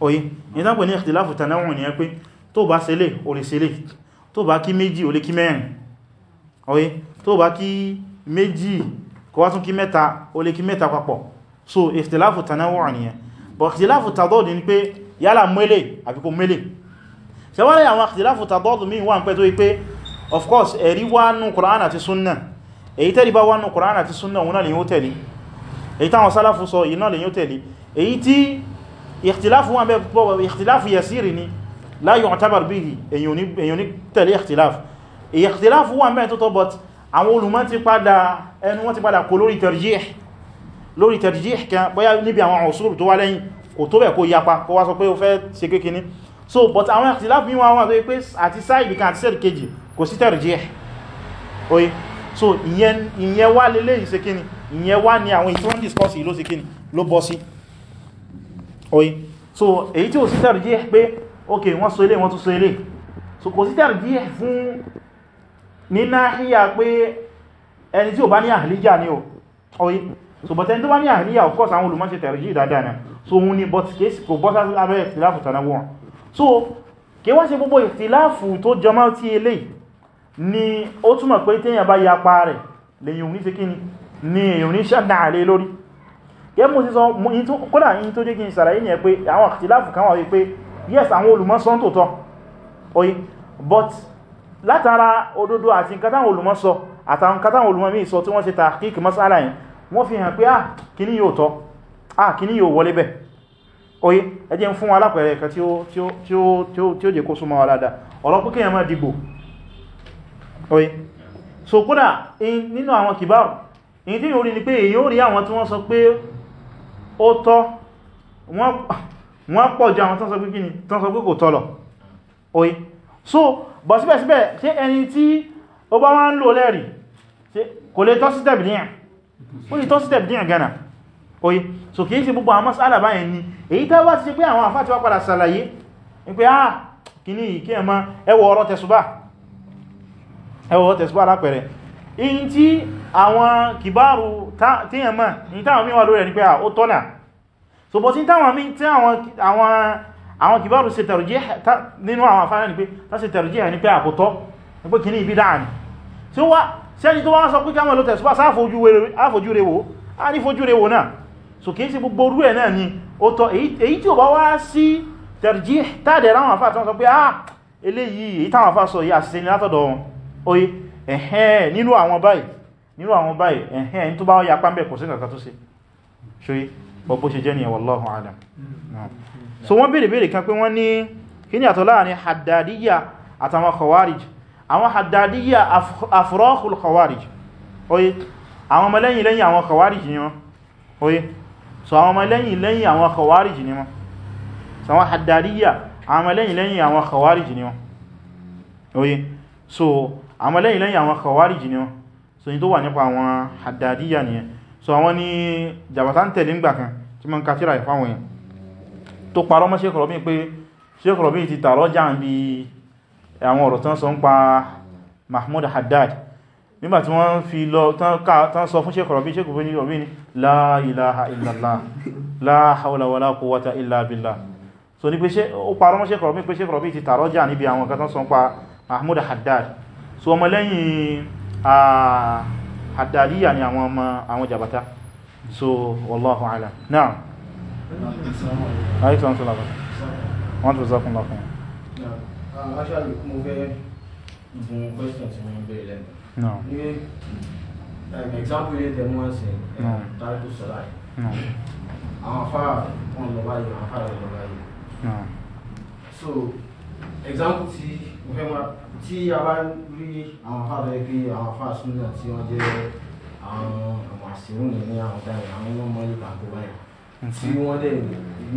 oye ní tápẹ̀ ní ìtìláfù tanawu nìyẹn pé tó bá ṣe lè lè ṣe tó bá kí méjì ó lè kí mẹ́rin oye tó bá kí méjì kó wá tún kí mẹ́ta o lè kí mẹ́ta papọ̀ so ìfìtìláfù tanawu' nìyẹn but ìfìtìláfù tadọ́dù ni pé yálà mẹ́lẹ̀ àbí kò mẹ́lẹ̀ ṣẹwọ́lẹ̀ àwọn ìfìtìláfù tadọ́dù mi wà ń pẹ́ tó wípé of course ẹ̀rí wà nú Qur'an àti súnnà èyí tẹ́rí bá wà nú Qur'an àti súnnà òun náà lè yóò tẹ̀lé èyí táwọn sálàfù sọ yìí náà lè yóò tẹ̀lé èyí tí ìfìtìláfù wọn bẹ́ ìfìtìláfù yasiri ni la yu'tabar bihi èyí ò ní tẹ̀lé ìfìtìláfù ìyẹ̀kìtìláfù wà mẹ́ tó tọ́ but àwọn olùmọ̀ ti padà ẹnu wọ́n ti padà kò lórí tarjih lórí tarjih kan bóyá níbi àwọn usul tó wá lẹ́yìn kò tó bẹ̀ kó yapa kó wá sọ pé ó fẹ́ ṣe kékiní so but àwọn ìyẹ̀kìtìláfù mi wọ́n wà tó pé àti sáìdì kan àti sẹ́ẹ̀dì kejì kò sí tarjih oye so ìyẹn wá lélẹ́ ìsekíní ìyẹn wá ní àwọn ìtí wọ́n discuss ló sekíní ló bọ́ so èyí tí ò sí tarjih pé so ilé ní náhíyà pé ẹni tí ò bá ní àhìlíjà ní ọ̀yí so but ẹni tó bá ní àhìlíyà of course àwọn olùmọ́sí tẹ̀rìjì dáadáa náà so òun ni but kéèsì kò bọ́ sábẹ́ ìtìláfù tànáwó wọn so kí wá sí gbogbo ìtìláfù tó jọmọ́ tí ilé ni ó túmọ̀ pé téèyàn bá ya pa rẹ̀ lèyìn òní ṣe kíni ni èyàn ní ṣàdá àlé lórí yẹ mo ti sọ kódà yìí tó jẹ́ kí n sàlàyé ni ẹ pé àwọn ìtìláfù kan wà wípé yes àwọn olùmọ́sán tòótọ́ oye but látara òdodo àti nǹkan táwọn olùmọ̀ sọ àtàwọn nǹkan táwọn olùmọ̀ míì sọ tí wọ́n ṣe tàkíkì masala yìí wọ́n fi hàn pé à ah, kíní yóò tọ́ à ah, kíní yóò wọlé bẹ̀ oye ẹ jẹ́ ń fún wa lápẹẹrẹ ẹ̀kan tí ó jẹ́ kó súnmọ́ wa dáadáa ọ̀rọ̀ oye so kódà nínú àwọn kìbáwò èyí tí yóò rí ni pé èyí ó rí àwọn tí wọ́n sọ pé ó oye so bọ̀ síbẹ̀síbẹ̀ ṣe ẹni tí ó bá wá ń lò lẹ́rì kò lè tọ́ sí ó lè tọ́ sí tẹ̀bìdìyàn oye so kìí ṣe gbogbo àmọ́ sálà báyìí ni èyí tẹ́ wá ti ṣe pé àwọn àfá ti wá padà sàlàyé ní pé ah kìíní kí ẹ̀mọ́ ẹwọ ọ̀rọ̀ tẹ̀sùbá ẹwọ ọ̀rọ̀ tẹ̀sùbá lápẹẹrẹ in tí àwọn ah, so bọ̀ tí táwọn mí tí àwọn àwọn kìbáàrù ṣe tẹ̀rùjí nínú àwọn afárá ní pé tàṣe tẹ̀rùjí ẹ̀ ní pé àkótọ́ ní pé kìíní ìbídà ní tí ó wá sẹ́ni tó wá sọ pé kámọ̀ lótẹ̀ sọ́pá sáfojúrewò a ní fojúrewò náà so kìí sí gbogbo orú ẹ̀ náà ni ó tọ́ èyí tí ó bá wá sí tẹ̀rùjí tàdẹ̀ ráwọn afá ah eléyìí èyí táwọn afá sọ yìí àṣìṣe ni látọ̀dọ̀ wọn oye ẹ̀hẹ́n nínú àwọn báyìí nínú àwọn báyìí ẹ̀hẹ́n tó bá yapa ń bẹ̀ kò sí nǹkan tó ṣe wallahu alam hmm so wọ́n bèèrè bèèrè kan pé wọ́n ní kí ni àtọ̀ láàrin haddadiyya àtàwọn khawarij àwọn haddadiyya afrọ́kùl khawarij oye àwọn ọmọlẹ́yìn lẹ́yìn àwọn khawarij ni wọ́n oye so àwọn ọmọlẹ́yìn lẹ́yìn àwọn khawarij ni wọ́n so àwọn haddadiyya àwọn ọmọlẹ́yìn lẹ́yìn àwọn khawarij ni wọ́n oye so àwọn ọmọlẹ́yìn lẹ́yìn àwọn khawarij ni wọ́n so ni tó wà nípa àwọn haddadiyya nìyẹn so àwọn ni jàbátá ń tẹ̀lé kan tí mọ́ ń katira ìfáwọn yẹn tó parọ́ mọ́ Sheikh Rabi pé Sheikh Rabi ti tààrọ jáàn bí àwọn ọ̀rọ̀ tán sọ ń pa Mahmud Haddad nígbàtí wọ́n fi lọ tán sọ fún Sheikh Rabi Sheikh Rabi ni ilaha illallah la hawla wala quwwata illa billah so ní pé ó parọ́ mọ́ Sheikh Rabi pé Sheikh Rabi ti tààrọ jáàn níbi àwọn Mahmud Haddad so ọmọ lẹ́yìn Haddadiyya ni àwọn ọmọ àwọn so wallahu alam na'am ayé tí wọ́n tó lábẹ́ wọ́n tó zákun lákun actually mo fẹ́ bùn question tí wọ́n bèèrè lẹ́nu ní example ilé tẹ̀ mọ́ ẹ̀sìn tàbí sọ́lá yìí àwọn afárá wọn lọ báyìí àwọn afárá lọ báyìí so example tí mo fẹ́ máa tí a bá rí àwọn afárá ẹgbẹ́ àwọn afárá súnmọ́ tí wọ́n jẹ́ àwọn àmàṣírùn ní àwọn dáìrì àwọn ọmọ ilé kan tó báyìí tí wọ́n dẹ̀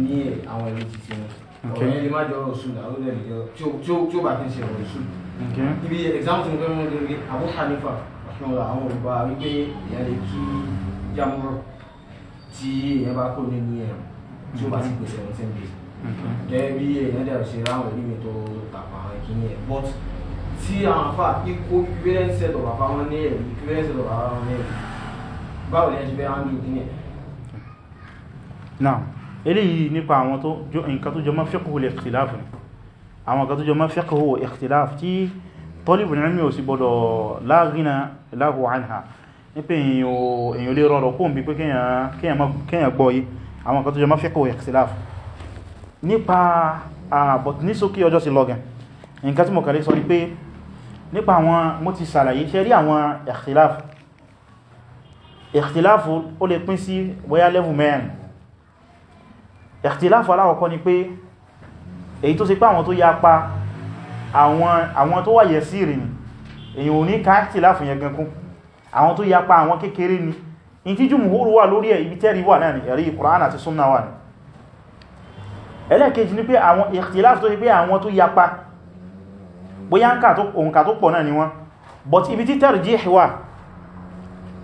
ní àwọn ẹ̀rí títí wọn ọ̀rọ̀ yẹn lè ọ̀rọ̀ sùn àwọn ẹ̀rí jọ tí ó bá fi ṣe ọ̀rọ̀ sùn ibi example tí mo fẹ́ mú ní pé ọ̀ṣunra àwọn olùgbà wípé èèyàn lè kí jámúrọ̀ tí èèyàn bá kó nínú ẹ̀rọ tí ó bá ti pèsè ẹ̀rọ sẹ́ńdẹ̀ gẹ́gẹ́ bí dẹ̀ ṣe ráwọn ẹ̀rí mi tàpá ìkíní ẹ̀ but tí àwọn afa ikú equivalent set náà eléyìí nípa àwọn tó nǹkan tó jọ mọ́ fiqhu al-ikhtilaf ni àwọn nǹkan tó jọ mọ́ fiqhu ikhtilaf tí talibul ilmi ò sì gbọ́dọ̀ la ghina lahu anha ní pé èyàn lè rọrọ̀ kóhùn bí pé kéyàn gbọ́ yí àwọn nǹkan tó jọ mọ́ fiqhu ikhtilaf nípa àbọ̀t ní sókè ọjọ́ sí lọ́gàn nǹkan tí mo kàlẹ́ sọ ni pé nípa àwọn mo ti sàlàyé ṣe ó lè pín sí bóyá level mẹ́rin ìtìláfà aláwọ̀kọ́ ni pé èyí tó sì pé àwọn tó yapa àwọn tó wà yẹ̀sírì ni èyí ò ní ká ìtìláfà yẹn gankún àwọn tó yapa àwọn kékeré ni in tí jùmùhúrù wà lórí ẹ̀ ibi tẹ́rí wà náà ni ẹ̀rí Kùránì àti súnnà wà ní ẹlẹ́kejì ni pé àwọn ìtìláfà tó sì pé àwọn tó yapa bóyá òǹkà tó pọ̀ náà ni wọ́n but ibi tí tarjih wà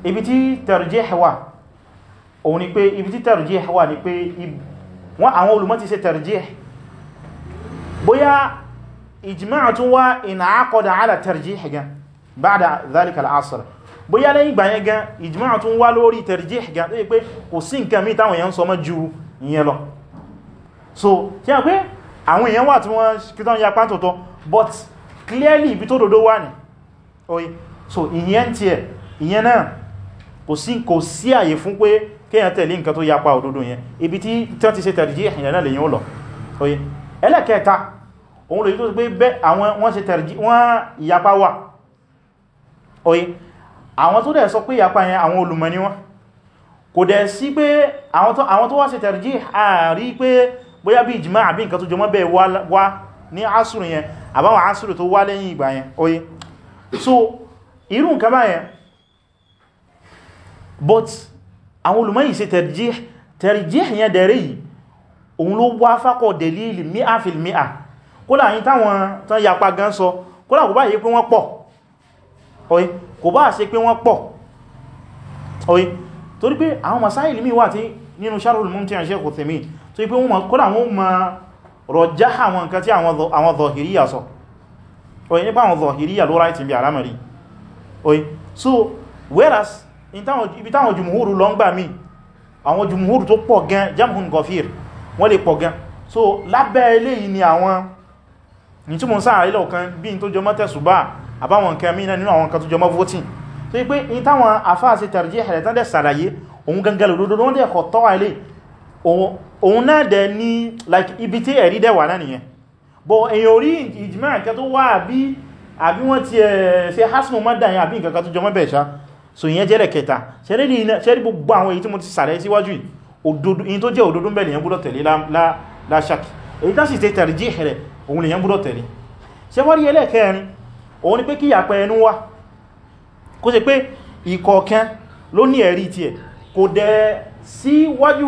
ibi tí tarjih wà òun ni pé ibi tí tarjih wà ni pé wọ́n àwọn olùmọ̀ ti ṣe tarjih bóyá ijma' tún wá in'aqada ala tarjih gan ba'da dhalika al-'asr bóyá lẹ́yìn ìgbà yẹn gan ijma' tún wá lórí tarjih gan tó yí pé kò sí so tí a pé àwọn èèyàn wà tí but clearly ibi tó dòdó wà so ìyẹn tí ẹ̀ ìyẹn náà kíyàn tẹ̀lé nǹkan tó yapa òdodo yẹn ibi tí tán ti ṣe tarjih ìyàn náà lèyìn ó oye ẹlẹ́kẹta òun lòyí tó gbé bẹ́ àwọn wọ́n ṣe tarjih wọ́n ìyapa wà oye àwọn tó dẹ̀ sọ pé ìyapa yẹn àwọn olùmọ̀ ni wọ́n kò dẹ̀ sí pé àwọn tó wá ṣe tarjih àrí pé bóyá bí ìjìmá àbí nǹkan tó jọmọ́ bẹ́ẹ̀ wá ní asùrù yẹn àbáwọn asùrù tó wá lẹ́yìn ìgbà yẹn oye so irú nǹkan báyẹn but àwọn olùmọ́yìn sí tẹ̀rìjíh yẹn dẹ̀rẹ̀ yìí òun ló wá fákọ̀ dẹ̀lìlì mi'a fil mi'a kódà yí táwọn tán yapa gan sọ kódà kò bá yí pé wọ́n pọ̀ oye kò bá ṣe pé wọ́n pọ̀ oye torí pé àwọn masáìlì mi wà tí nínú sharhul mumti' Sheikh Uthaymeen tó yí pé wọ́n kódà wọ́n ma rọjá àwọn nǹkan tí so whereas ibi táwọn jùmúhúrù lọ ń gbà mí àwọn jùmúhúrù tó pọ̀ gan jamhun gofir wọ́n lè pọ̀ gan so lábẹ́ eléyìí ni àwọn ní tí mo ń sáà ilẹ̀ ọ̀kan bí i tó jọmọ́ tẹ̀sùbá àbáwọn nǹkan mí nínú àwọn nǹkan tó jọmọ́ voting tó yí pé in táwọn àfáà sí tàrjí ẹ̀rẹ̀ tán dẹ̀ sàlàyé like ibi tí ẹ̀rí dẹ̀ wà náà nìyẹn bọ̀ èyàn orí ìjìmẹ́ nǹkan tó wà àbí wọ́n ti ẹ̀ eh, ṣe hasmo mọ́dà so ìyẹn jẹ́rẹ̀ kẹta ṣẹ́rí gbogbo àwọn èyí tí mo ti sàrẹ̀ síwájú yìí tó jẹ́ òdodo bẹ̀rẹ̀ yẹn gbọ́dọ̀ tẹ̀lé láṣàkì èyí tá sì tẹ́ tarjih rẹ̀ òun lè yẹn gbọ́dọ̀ tẹ̀lé ṣe wá rí ẹlẹ́kẹrin òun ni pé kí ìyàpẹ̀ ẹnu wá kó ṣe pé ìkọ̀ọ̀kan ló ní ẹ̀rí ti ẹ̀ kò dẹ̀ sí wájú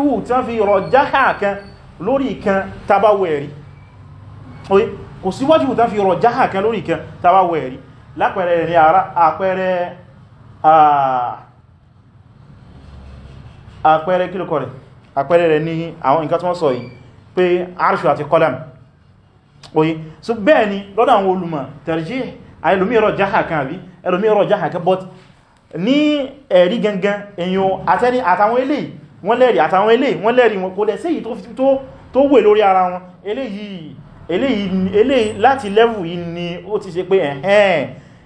àpẹẹrẹ kílùkọ rẹ̀ àpẹẹrẹ rẹ̀ ní àwọn nǹkan tí wọ́n sọ yìí pé arṣù àti kọlam oye so bẹ́ẹ̀ ni lọ́dọ̀ àwọn olùmọ̀ tẹ̀rẹ̀jì ẹlòmíràn jáhà kan àbí ẹlòmíràn jáhà kan but ní ẹ̀rí gangan èyàn àtẹ́ni àtàwọn eléyìí wọ́n lẹ́rì àtàwọn eléyìí wọ́n lẹ́rì wọn kò lẹ́ sí èyí tó wè lórí ara ni ó ti ṣe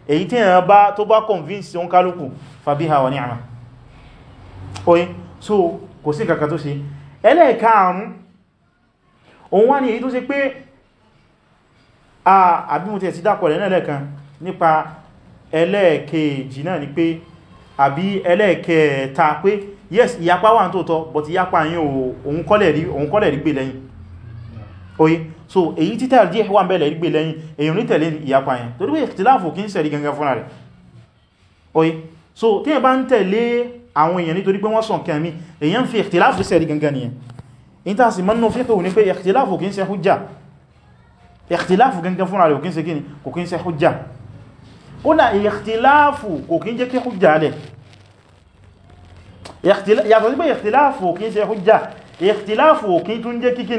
èyí tí èyàn bá tó bá convince òun kálùkù fàbíhà wà ní àmà oye so kò sí kàkà tó ṣe ẹlẹ́ẹ̀kàrún òun wá ní èyí tó ṣe pé àbímútẹ̀ sí dákọ̀lẹ̀ náà lẹ́ẹ̀kan nípa ẹlẹ́ẹ̀kejì náà ni pé àbí ẹlẹ́ẹ̀kẹta pé yes ìyapa wà ní tòótọ́ but ìyapa yìí òun kọ́lẹ̀ rí pé lẹ́yìn oye so èyí tí tarjih wà bẹ̀lẹ̀ gbé lẹ́yìn èyàn ní tẹ̀lé ìyapa yẹn torí pé ìtìláàfù kí ń sẹ̀rí gangan fúnra rẹ̀ oye so tí ẹ bá ń tẹ̀lé àwọn èyàn nítorí pé wọ́n sọ nǹkan mi èyàn fi ìtìláàfù sẹ̀rí gangan nìyẹn in ta sì mọ́nà fíkò ní pé ìtìláàfù kí ń ṣe hujja ìtìláàfù gangan fúnra rẹ̀ kò kí ń ṣe kíni kò kí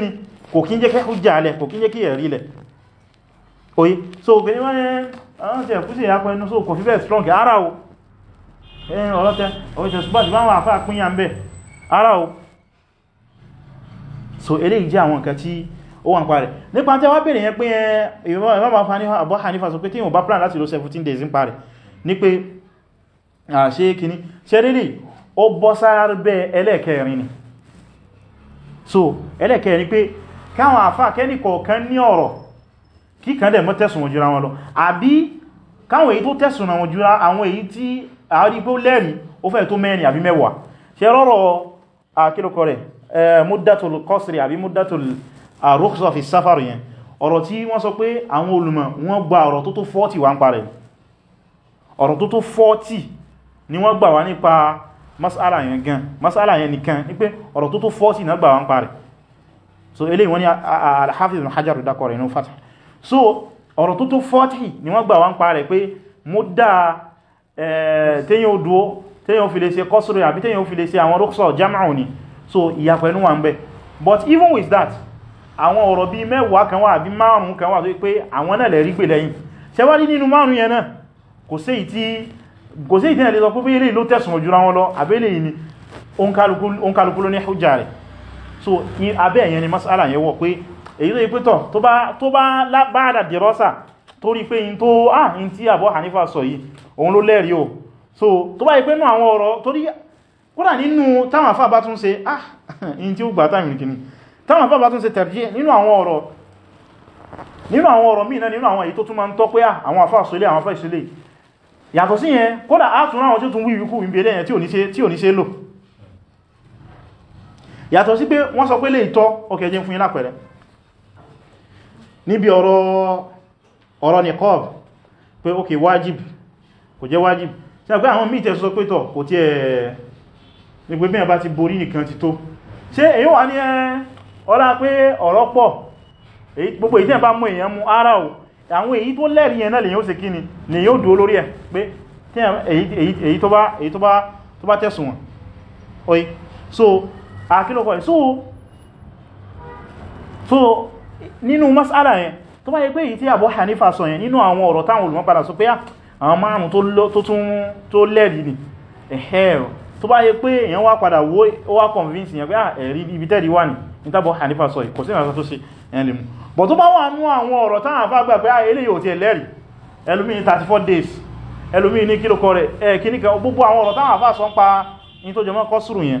ń ṣe kò kí ń jẹ́ kí hujja alẹ́ kò kí ń jẹ́ kí ẹ̀rí lẹ̀ oye so obìnrin wọ́n yẹn àwọn ah, tẹ̀ kúsì ìyàpọ̀ ẹnu so kò fi strong ara o ẹ̀yìn ọlọ́tẹ ọjọ́ ṣùgbọ́n ti báwọn àfáà ara o so eléyìí jẹ́ àwọn nǹkan tí ó wà ń parẹ̀ nípa tí wá bèèrè yẹn pé Abu Hanifa sọ pé tí ìwọ̀n bá plan láti lo 17 days ń parẹ̀ ní pé àṣẹ ni so ẹlẹ́ẹ̀kẹrin pé káwọn àfà kẹ́ni kọ̀ọ̀kan ní ọ̀rọ̀ kí kan dẹ̀ mọ́ tẹ̀sùn wọn jura wọn lọ àbí káwọn èyí tó tẹ̀sùn wọn jura àwọn èyí tí àárí pé ó lẹ́rìí ó fẹ́ tó mẹ́rin àbí mẹ́wàá ṣe rọ́rọ̀ àkílùkọ rẹ̀ múdàtul qasri ni wọ́n gbà wá nípa mas'ala yẹn gan mas'ala yẹn nìkan ní pé ọ̀rọ̀ tó tó 40 náà gbà wá parẹ̀ so eléyìí wọ́n ní al-Hafiz ibn Hajar dákọ̀ rẹ̀ inú Fath so ọ̀rọ̀ tó tó fọ́tí ni wọ́n gbà wá ń pa rẹ̀ pé mú dáa tẹ́yìn ó dúó tẹ́yìn ó fi lè ṣe kọ́sùrù àbí tẹ́yìn ó fi lè jam'u ni so ìyàpẹ̀ inú wa ń but even with that àwọn ọ̀rọ̀ bí mẹ́wàá kan wà àbí márùn-ún kan wà tó pé àwọn náà lè rí gbè lẹ́yìn ṣẹwárí nínú márùn-ún yẹn náà kò sí ìtí kò sí ìtí náà lè sọ pé eléyìí ló tẹ̀sùn ojú ra wọn lọ ni ó ń kálukú ló so abẹ́ ẹ̀yẹn ni masala yẹn wọ̀ pé èyí tó ipétọ̀ tó bá báadà dìrọ́sà tó rí pé in tó ah in tí àbọ̀ Hanifa sọ yìí òun ló lẹ́rí o so tó bá ipé náà àwọn ọ̀rọ̀ tó rí kódà nínú táwọn afá bá tún ṣe ah in tí ó gbà táwọn ìrìnkìní táwọn afá bá tún ṣe tẹ̀rẹ̀ nínú àwọn ọ̀rọ̀ nínú àwọn ọ̀rọ̀ míì náà nínú àwọn èyí tó tún máa ń tọ́ pé àwọn afá sọlé àwọn afá ìsọlé yàtọ̀ sí yẹn kódà á tún ráwọn tí ó tún wí ìwíkú ìbẹ̀rẹ̀ yẹn tí ò ní ṣe yàtọ̀ sí pé wọ́n sọ pé lè tọ́ ọkẹ̀ jẹ́ fún yín lápẹẹrẹ níbi ọ̀rọ̀ ọ̀rọ̀ niqab pé ok wájib kò jẹ́ wájib tí a gbé àwọn mítẹ̀ sọ pé tọ̀ kò tí ẹ̀ nígbé bí bá ti borí nìkan ti tó ṣe èyí wà ní ẹ ọlá pé ọ̀rọ̀ pọ̀ gbogbo ìdí ẹ̀bá mú èèyàn mú ara ò àwọn èyí tó lẹ́rìí ẹ̀ náà lèyàn ó ṣe kí ni lèyàn ó dúró lórí ẹ̀ pé èyí tó bá tẹ̀sùn wọn àkílọ́kọ̀ ah, ẹ̀ so so nínú masala yẹn tó bá yẹ pé èyí tí Hanifa sọ yẹn nínú àwọn ọ̀rọ̀ táwọn olùmọ̀ padà sọ pé ah, àwọn márùn tó tún tó lẹ́rìí tó bá yẹ pé èyàn wá padà wó wá convince yẹn pé ah, ẹ̀rí ibi tẹ́rì wà ní ìtàbọ̀ Hanifa sọ ìkọ̀ sí ìrìnàṣà tó ṣe ẹ̀yàn lè mú bọ̀ tó bá wà mú àwọn ọ̀rọ̀ táwọn àfá gbà pé 34 days ní kílòkọ rẹ̀ gbogbo àwọn ọ̀rọ̀ táwọn àfá sọ ń pa